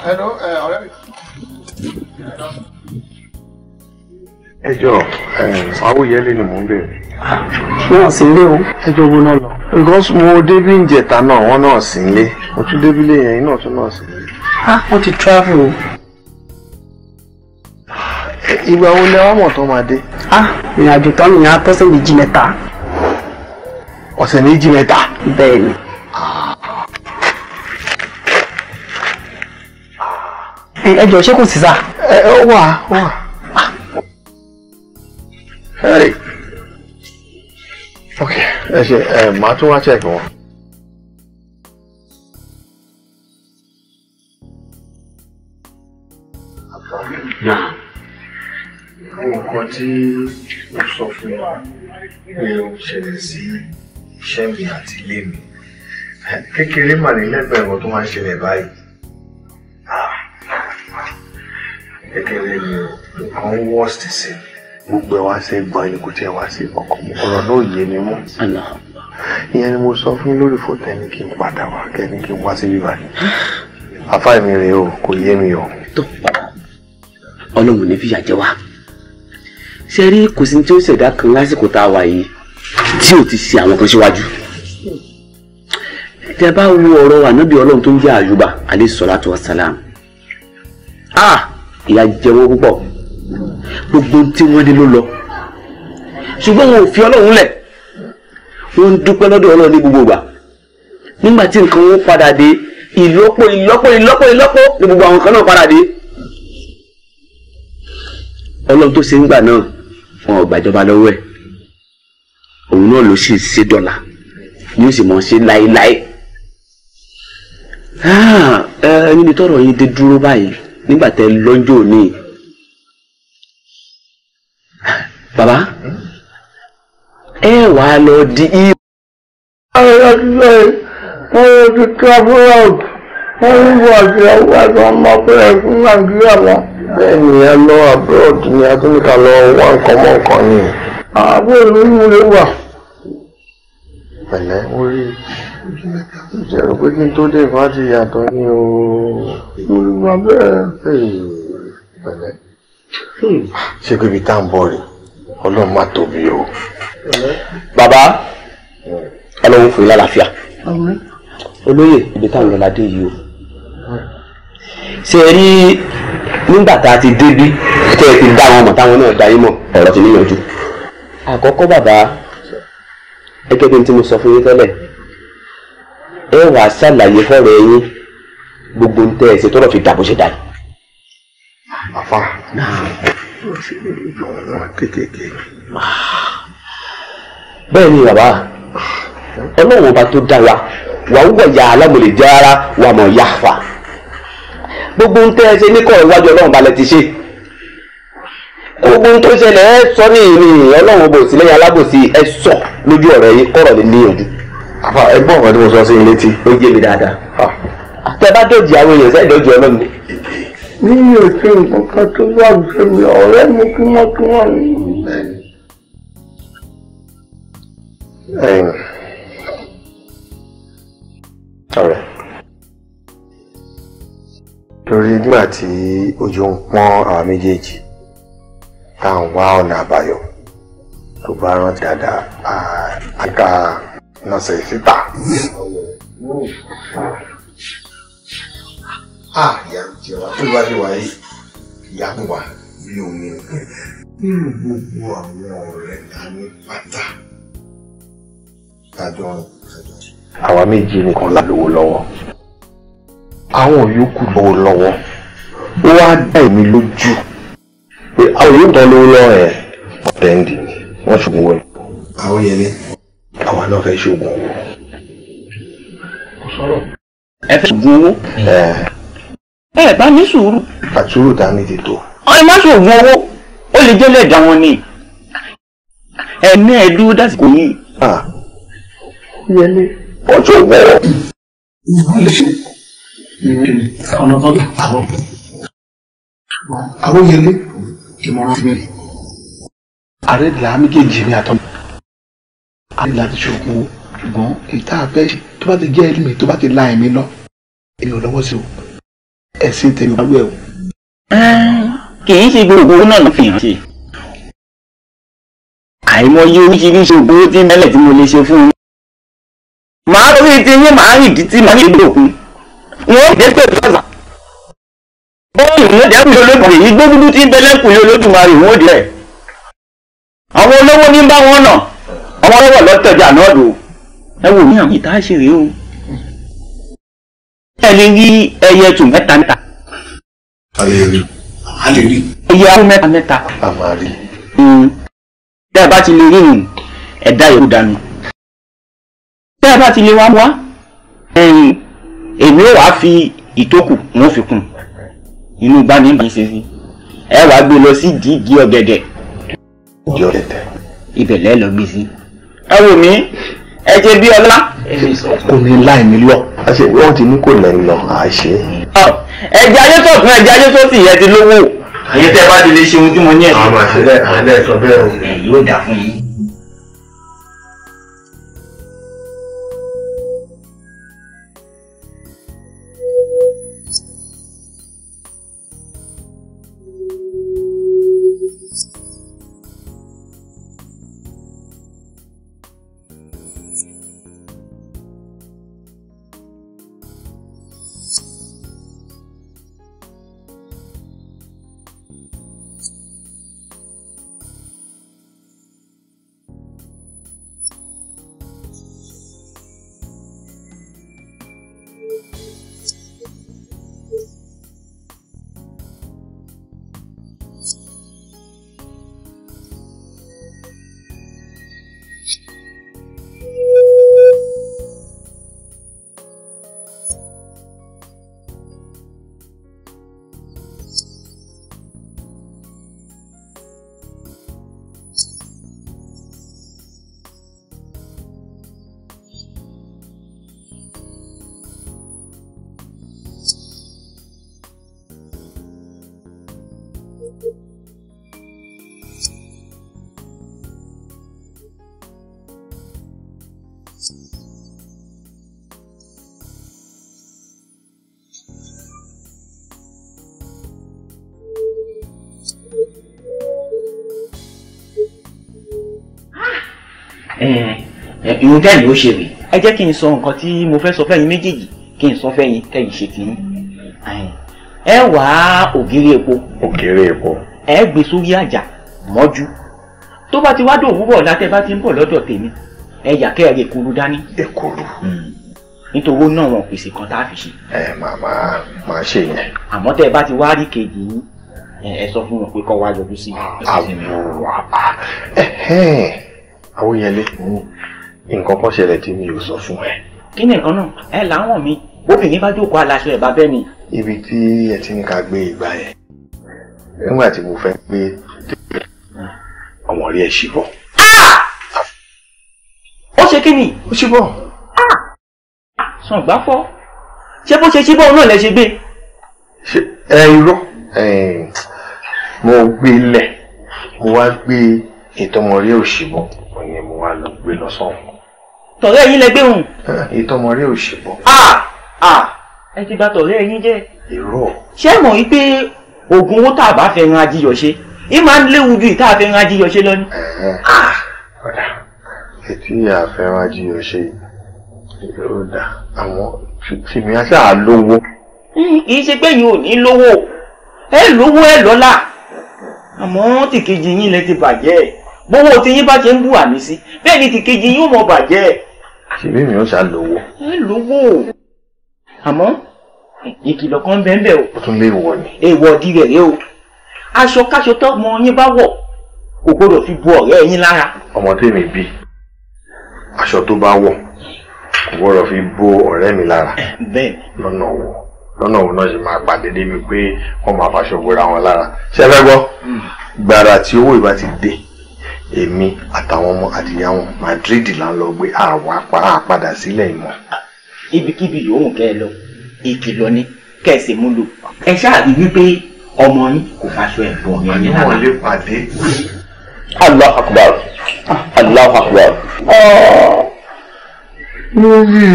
hello eh, ọ̀rẹ́ mi ẹjọ awuyẹlẹ ni mò ń bèrè. náà sí ilé o ẹjọ wo náà lọ. because mo débí ìjẹta náà wọn náà sí ilé mo tún débí ilé yẹn náà tún náà sí ilé. a wọ́n ti travel o. ìgbà wo lẹ wá mọ̀ tó máa dé. a ìrìnàjò tán nìyẹn atọ́sẹ̀ méjì mẹ́ta. ọ̀sẹ̀ méjì mẹ́ta. bẹ́ẹ̀ ni. ẹjọ ṣé kò sí sá. ẹ ọ wà wà. Hey. Okay, ẹ ṣe ẹ máa tún wá check wọn. Nǹkan tí mo sọ fún wa pé ó ṣẹlẹ̀ sí iṣẹ́ mi àti ilé mi. Kékeré mà ní lẹ́gbẹ̀ẹ́ nǹkan tó máa ń ṣẹlẹ̀ báyìí. Kékeré ni nǹkan worst sí mi gbogbo ẹ wá sí gbọn ẹni kò tiẹ̀ wá sí ọkàn mọ ọ̀rọ̀ náà yé mi mú. ìyẹn ni mo sọ fún lórí fóònù ẹni kí n padà wá kẹni kí n wá sí bíbá yìí àfa mi rèé o kò yé mi o. tó ọlọ́run ní fìyà jẹ wá ṣe rí kò sí tí ó ṣẹ̀dá kan lásìkò tá a wà yìí tí ò ti ṣe àwọn kan síwájú tẹ bá wo ọ̀rọ̀ ànábì ọlọ́run tó ń jẹ́ àyùbá alẹ́ sọ́lá tó wà sálàm ah ìyà jẹ wọ́n púpọ̀ gbogbo tí wọ́n dé ló lọ ṣùgbọ́n wọn ò fi ọlọ́run lẹ̀ wọ́n ń dúpẹ́ lọ́dọ̀ ọlọ́run ní gbogbo ìgbà nígbà tí nǹkan wọn padà dé ìlọ́pọ̀ ìlọ́pọ̀ ìlọ́pọ̀ ìlọ́pọ̀ ní gbogbo àwọn kan náà padà dé ọlọ́run tó ṣe ń gbà náà wọn ò gbàjọba lọ́wọ́ ẹ̀ òun náà ló sì ṣe dọ́là ni ó sì mọ̀ ṣe láéláé ah, ẹni tọrọ yìí dé dúró báyìí nígbà tẹ lọ́jọ́ òní bàbá ẹ wà á lọ di ìwé. ọ̀rọ̀ ṣe mo ti tọ́ fúlọ̀d wọ́n ń bọ̀ sí ọgbà tó ń mọ pé ẹ̀kún nàìjíríà mọ́. bẹ́ẹ̀ ni ẹ lọ abroad ni a tún ká lọ wá nǹkan mọ́ nǹkan ni. àbúrò mi mú lè wà. pẹ̀lẹ́ orí ìjẹ́rù pé kí n tó dé ìfọ́n ti yàtọ̀ ní o. olùgbà bẹ́ẹ̀. pẹ̀lẹ́ ṣé kò ibi tá à ń bọ̀ rèé ọlọ́run má tóbi o bàbá ọlọ́run fún yín lálàáfíà olóyè ibi táwọn lọ́ládé yìí o ṣe rí nígbà tá a ti débí tẹ́ ẹ ti dá wọn mọ̀ táwọn náà dá yín mọ̀ ọ̀rọ̀ ti níyànjú àkọ́kọ́ bàbá gẹ́gẹ́ bí n tí mo sọ fún yín tẹ́lẹ̀ ẹ wàá ṣàlàyé fọ́rọ̀ ẹ̀yìn gbogbo ń tẹ́ ẹ ṣe tọ́rọ̀ fi dà bó ṣe dà yìí. àfa náà mo ti yọ wọn kékèké. bẹ́ẹ̀ ni bàbá ọlọ́run ọba tó dá wa wà wúwọ̀ ya alámọ̀lẹ̀ jẹ́ ara wà mọ̀ ya fà gbogbo ń tẹ́ ẹ ṣe níkọ̀ iwájú ọlọ́run balẹ̀ ti ṣe gbogbo ń tó ṣẹlẹ̀ ẹ sọ ní ìrìn ọlọ́run ọba òsì lẹ́yìn alábòsí ẹ sọ lójú ọ̀rọ̀ yìí kọ̀rọ̀ lè ní ojú. àfa ẹgbọ́n ọ̀kan tí mo sọ sí i létí. ó yé mi dáadáa. àtẹ bá dọ̀jì àwọn èèyàn sẹ́yìn dọ̀jì ọlọ́run mi ò ṣe nǹkan kan tó bá ṣe mi ọ̀rẹ́ mi tímọ́tímọ́ ni. ọ̀rẹ́ torí nígbà tí ojú ń pọ́n àwọn méjèèjì tá à ń wá ọ̀nà àbáyọ tó bá rántí dáadáa àká náà ṣe síta àyà ń jẹ wá tó bá ṣe wáyé ìyá kò wá bí omi òkun nínú gbogbo àwọn ọ̀rẹ́ ta ní pátá kájọ kájọ. àwa méjì nìkan la lówó lọ́wọ́ àwọn yòókù lówó lọ́wọ́ ó wá dá èmi lójú pé àwọn yóò tán lówó lọ́wọ́ ẹ̀ ọ̀tẹ́ǹdì ẹ bá ní sùúrù. àtúrò dání ti tó. ẹ má ṣoògùn owó ó lè jẹ́lẹ̀ dá wọn ni ẹ̀mí ẹ̀ dúró dásìkò yìí. yẹlé ọjọ́ ìwọ̀rọ̀. ọ̀nà kan tó àwọn àwọn yẹlé ìmọ̀ràn ti bẹ̀rẹ̀. ààrẹ là á méjèèjì mi àtọ́ ààrẹ là á ti ṣoògùn owó ṣùgbọ́n èyí tá a fẹ́ tó bá ti jẹ́ ẹ̀mí tó bá ti la ẹ̀mí lọ èmi ò lọ́wọ́ sí o. ẹ̀sìn tèmi wá gbẹ̀wò. kì í ṣe gbogbo owó náà ló fi hàn sí. àìmọye oríṣiríṣi ògbówó tí mẹ́lẹ̀ tí mo lè ṣe fún un. màá rí ti yín màá rí ìdí tí màá rí ìdí òkun. wọ́n dé pé bọ́sà. bọ́ọ̀lù ló dẹ́kun tí àwọn olówó ní ẹni rí ẹyẹ tù mẹ́ta mẹ́ta. a lè rí. a lè rí. ẹyẹ arú mẹ́ta mẹ́ta. a máa rí. Hmm. tẹ́ ẹ bá ti lè rí ìrìn ẹ̀dá yòókù dànù. tẹ́ ẹ bá ti lè wá wá èmi ò wá fi ìtókù n ó fi kún inú bá ní ìbáyìí ṣe ẹ wàá gbé lọ sí ìdí igi ọ̀gẹ̀dẹ̀. ibẹ̀ lẹ́ẹ̀ lọ gbé sí. ẹ wò mí ẹ̀jẹ̀ bíi ọlá. kò ní láì mí lọ wọ́n ti ní kò lẹ́yìn lọ àṣẹ. ẹ̀jẹ̀ ayé tó tún ẹ̀jẹ̀ ayé tó sì yẹ ti lówó. àyè tẹ́ bá ti lè ṣe ohun tí mo ní ẹ̀sìn. àwọn àṣẹ bẹ́ẹ̀ àlẹ́ sọ bẹ́ẹ̀ yóò dà fún yín. ìhun tẹ́lẹ̀ ló ṣe rè ẹ jẹ́ kí n sọ nǹkan tí mo fẹ́ sọ fẹ́yìn méjèèjì kí n sọ fẹ́yìn kẹ́yìn ṣe tì í ẹ wá ògiri epo ògiri epo ẹ gbé sórí àjà mọ́jú tó bá ti wá dòwúrọ̀ látẹ́ bá ti ń bọ̀ lọ́dọ̀ tèmi ẹ yà kẹ́ ẹ lè kuru dání. èkuru hmm. nítorí náà wọn pèsè kan tá a fi ṣe. ẹ máa máa máa ṣe yẹn. àmọ́ tẹ́ ẹ bá ti wá rí kejì yín ẹ sọ fún wọn pé kọ́ wá yọjú sí i. àwọn ẹ̀hẹ́n. Awóyẹlé nǹkan kan ṣẹlẹ̀ tí mi ò sọ fún ẹ. kí ni nǹkan náà ẹ láwọn mi obìnrin bá jókòó aláṣọ ẹ̀ bá bẹ́ẹ̀ ni. ibi tí ẹ ti ní ká gbé ìgbà yẹn nígbà tí mo fẹ́ gbé ọmọ rí ẹ ṣíbọ̀. Ah! ó ṣe kí ni. ó ṣíbọ̀. Ah! sàn gbá fọ́ ṣé bó ṣe ṣíbọ̀ náà lẹ ṣe gbé. ẹ irọ́ mo gbé lẹ̀ mo wá gbé ìtọ́mọ rí òyìn mo wá lọ gbé lọ sọ́hùn. tọ̀rẹ́ yín lẹ gbé hùn. ètò ọmọ rẹ ò ṣe bọ̀. ẹ ti bà tọ̀rẹ́ yín jẹ́. èrò. ṣé mọ̀ wípé oògùn owó tá a bá fẹ́ ran ajíyọ̀ ṣe yín máa ń léwu ju ìta àfẹ́ ran ajíyọ̀ ṣe lọ ni. ọ̀dà ètí àfẹ́ ran ajíyọ̀ ṣe yóò dà àmọ́ tìmí á ṣáà lówó. kì í ṣe pé yìí ò ní lówó ẹ lówó ẹ lọ́lá àmọ́ tìkejì yín lẹ ti bàjẹ́ bówó tí yín bá ti ń bù àmì sí bẹ́ẹ̀ ni ti kejì yóò mọ bàjẹ́. ṣèbí mi ò ṣá lówó. ẹ lówó àmọ́ ìkìlọ̀ kan bẹ́ẹ̀ bẹ́ẹ̀ o. o tún lé ìwọ ni. èèwọ̀ di rẹ̀ rẹ o aṣọ káṣọ tó mọ yín bá wọ̀ kò gbọdọ̀ fi bu ọ̀rẹ́ yín lára. ọmọ tèmi bí aṣọ tó bá wọ̀ kò gbọdọ̀ fi bo ọ̀rẹ́ mi lára. Eh, bẹ́ẹ̀ lọ́nà wo lọ́nà wo náà ṣe máa pàdé débi pé wọ́n máa faṣọ bora wọn lára ṣẹ́fẹ́ gbọ́ hmm. gbàrà tí owó ìbá ti dé èmi àtàwọn ọmọ àtìyá wọn Madrid là ń lọ gbé àwa padà sílẹ̀ ìmọ̀. ibikíbi yòówù kẹ́ ẹ lọ ìkìlọ̀ ni kẹ́ ẹ sì mú lò ẹ ṣáà rí wípé ọmọ yín kò faṣọ ẹ̀bùn ọ̀yọ́ yín lára. wọ́n lè pàdé. Allahu Akbar Allahu Akbar. níbi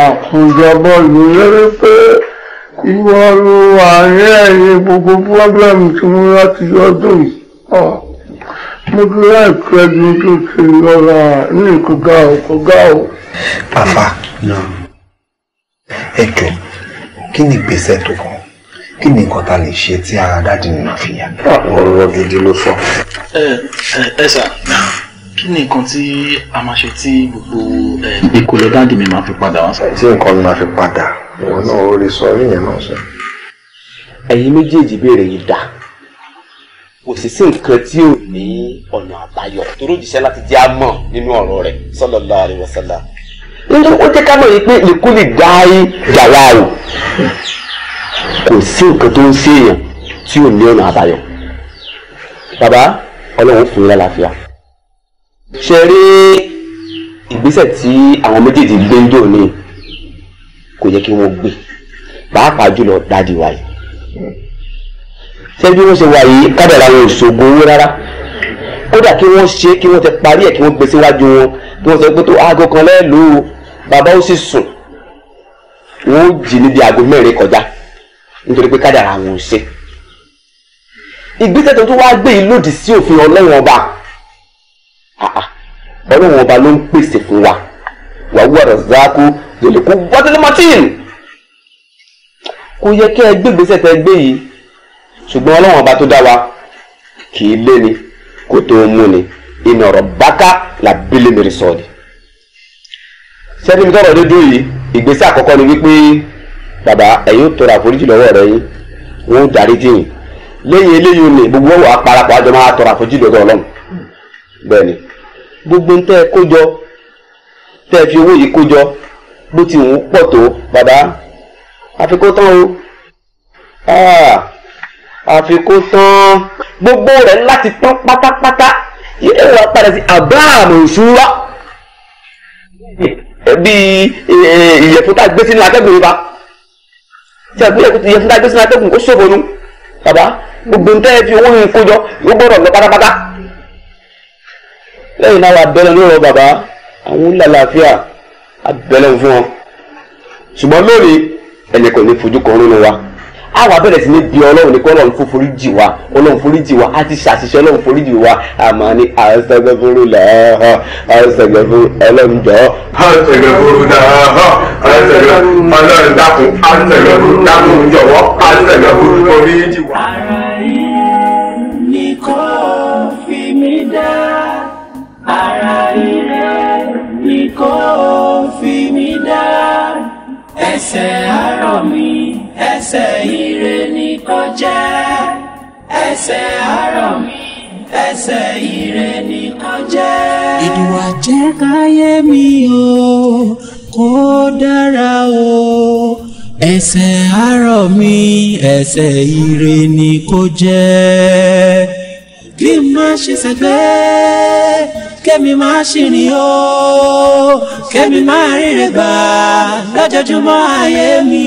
àkùnjọbọ ló lérè pé ìwọ ló wà ní ẹ̀yìn gbogbo pọ́blẹ́mù tí wọ́n láti yọdún yìí. Ah mo ti láìpẹ́ ẹni tó ti lọ́ra ní ìkọgá o kọgá o. bàbá ẹ jọ kí ni ìgbésẹ̀ tó kàn kí ni nǹkan ta lè ṣe tí ara dáàdì nínú àfihàn. ọ̀rọ̀ gidi ló sọ. ẹ ẹ sà kí ni nǹkan tí a máa ṣe tí gbogbo ìkólọ dáàdì mi máa fi padà wá. tí nǹkan mi máa fi padà ìwọ náà ó lè sọ orí yẹn náà sọ. ẹ̀yin méjèèjì béèrè yìí dáa kò sì sí nǹkan tí ò ní ọ̀nà àbáyọ torí òjíṣẹ́ láti jẹ́ àmọ̀ nínú ọ̀rọ̀ rẹ̀ sallallahu alaihi wasallam. nínú ó jẹ́ ká mọ̀ yìí pé ìkúlì dáì yàrá o kò sí nǹkan tó ń ṣèyàn tí ò ní ọ̀nà àbáyọ. bàbá ọlọ́run fún yín lálàáfíà. ṣe rí ìgbésẹ̀ tí àwọn méjèèjì gbé ń dòní kò yẹ kí wọ́n gbé pàápàá jùlọ dáàdi sẹ́ni bí wọ́n ṣe wà yìí kádàrà wọn ò ṣògo owó rárá kódà kí wọ́n ṣe kí wọ́n ti parí ẹ̀ kí wọ́n gbé síwájú wọn kí wọ́n sọ pé tó aago kan lẹ́ẹ̀lú bàbá ó sì sùn wọ́n jì níbi aago mẹ́rin kọjá nítorí pé kádàrà wọn ò ṣe ìgbésẹ̀ tó tún wá gbé yìí lòdì sí òfin ọlọ́run ọba ọlọ́run ọba ló ń pèsè fún wa wà wú ọ̀rọ̀ záàkú lòlẹ́kú wọ́tẹ́lẹ́mọ́tìn kò yẹ kẹ́ ẹ gbé ìgbésẹ̀ tẹ́ gbé yìí ṣùgbọ́n ọlọ́run ọba tó dá wa kì í lé ni kò tó mú ni iná ọ̀rọ̀ báká là bílẹ̀ mèrè sọ̀dì. sẹ́ni mi tọrọ dúdú yìí ìgbésẹ̀ àkọ́kọ́ ni wípé bàbá ẹ̀yin tọrọ àforíjì lọ́wọ́ rẹ yín wọ́n darí jìn lẹ́yìn eléyìí ni gbogbo wa parapọ̀ àjọ máa tọrọ àforíjì lọ́dọ̀ ọlọ́run bẹ́ẹ̀ ni gbogbo ntẹ́ kójọ tẹ́ fi owó yìí kójọ bó ti wù ú pọ̀ tó bàbá àfikún tán o. Ah, àfikún tán gbogbo rẹ̀ láti tán pátápátá yóò wá padà sí àbáàmù ìṣúra bíi ìyẹ̀fun tá a gbé sínú atẹ́gùn yìí bá tí a gbé ìyẹ̀fun tá a gbé sínú atẹ́gùn ó ṣòfò nu bàbá gbogbo ntẹ́ fi owó yìí kójọ ó gbọ́dọ̀ lọ pátápátá lẹ́yìn náà wà bẹ́lẹ̀ lóòrọ̀ bàbá àwọn ńlá làáfíà abẹ́lẹ̀ fún wọn ṣùgbọ́n lónìí ẹnì kò ní fojú kan nínú wa àwa bẹ̀rẹ̀ sí ní bí ọlọ́run ní kọ́ ọlọ́run fún foríjì wa ọlọ́run foríjì wa àti ṣàṣìṣe ọlọ́run foríjì wa àmọ́ ní àṣẹgbẹ́fóró làáhọ́ àṣẹgbẹ́fóró ọlọ́run jọ. àṣẹgbẹ́fóró làáhọ́ àṣẹgbẹ́fóró ọlọ́run dákun àṣẹgbẹ́fóró dákun jọ̀wọ́ àṣẹgbẹ́fóró foríjì wa. ara yìí ni kò fi mí dá ara yìí ni kò fi mí dá ẹsẹ̀ àárọ̀ mi ẹsẹ̀ ire ni kó jẹ́ ẹsẹ̀ àárọ̀ mi ẹsẹ̀ ire ni kó jẹ́. ìdùnnà jẹ́ káyé mi o kó dára o ẹsẹ̀ àárọ̀ mi ẹsẹ̀ ire ni kó jẹ́ kí n má ṣe ṣẹgbẹ́ kẹ́mi má ṣìrìn o kẹ́mi má ríre gbà lójoojúmọ́ ayé mi.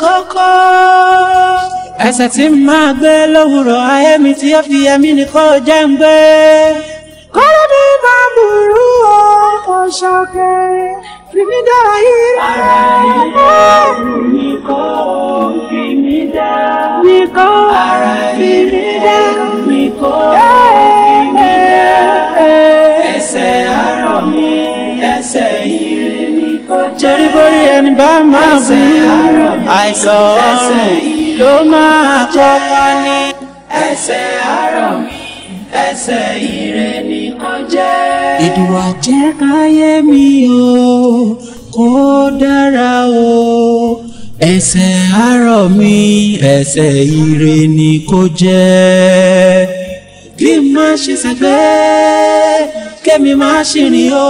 kókó. ẹsẹ̀ tí ń máa gbé lówùrọ̀ ayé mi tí ó fi ẹ̀mí ni kò jẹ́ ń gbé. kọ́lọ́ ní máa burú o kò ṣọ̀kẹ́ fìmí dára yìí rẹ̀. ara ilé ẹ̀rù ni kò fìmí dá. ni kò fìmí dá. ni kò fìmí dá. ẹsẹ̀ àárọ̀ mi torí borí ẹni bá máa wí àìsàn ọrùn ló máa kọ́ wá ní. ẹsẹ̀ àárọ̀ mi ẹsẹ̀ ire nìkan jẹ́. ìdùnnú jẹ́ káyé mi o kó dára o ẹsẹ̀ àárọ̀ kí n má ṣe ṣègbé kẹ́mi má ṣìrìn o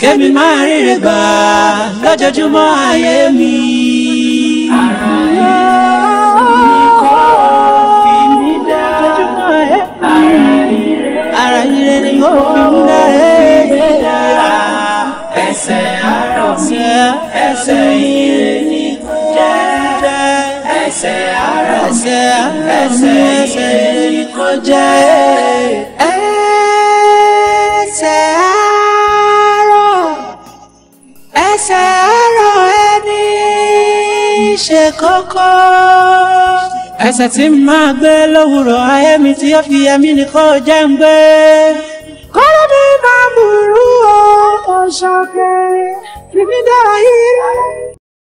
kẹ́mi má ríre gbà lójoojúmọ́ ayé mi. ara yìí kọ́ fi mí dá ni yóò fi mí dá ẹsẹ̀ àárọ̀ ni kò jẹ́ ẹsẹ̀ àárọ̀ ẹsẹ̀ àmú ẹsẹ̀ yìí kọjá e. ẹsẹ̀ àárọ̀ ẹsẹ̀ àárọ̀ ẹni ṣe kókó ẹsẹ̀ tí máa gbé lówùrọ̀ ayé mi tí ó fi ẹ̀mí nìkan jẹ́ ń gbé kọ́lá mi máa mú rú ọ̀ṣọ́gẹ́ fìmí dára yìí rẹ̀.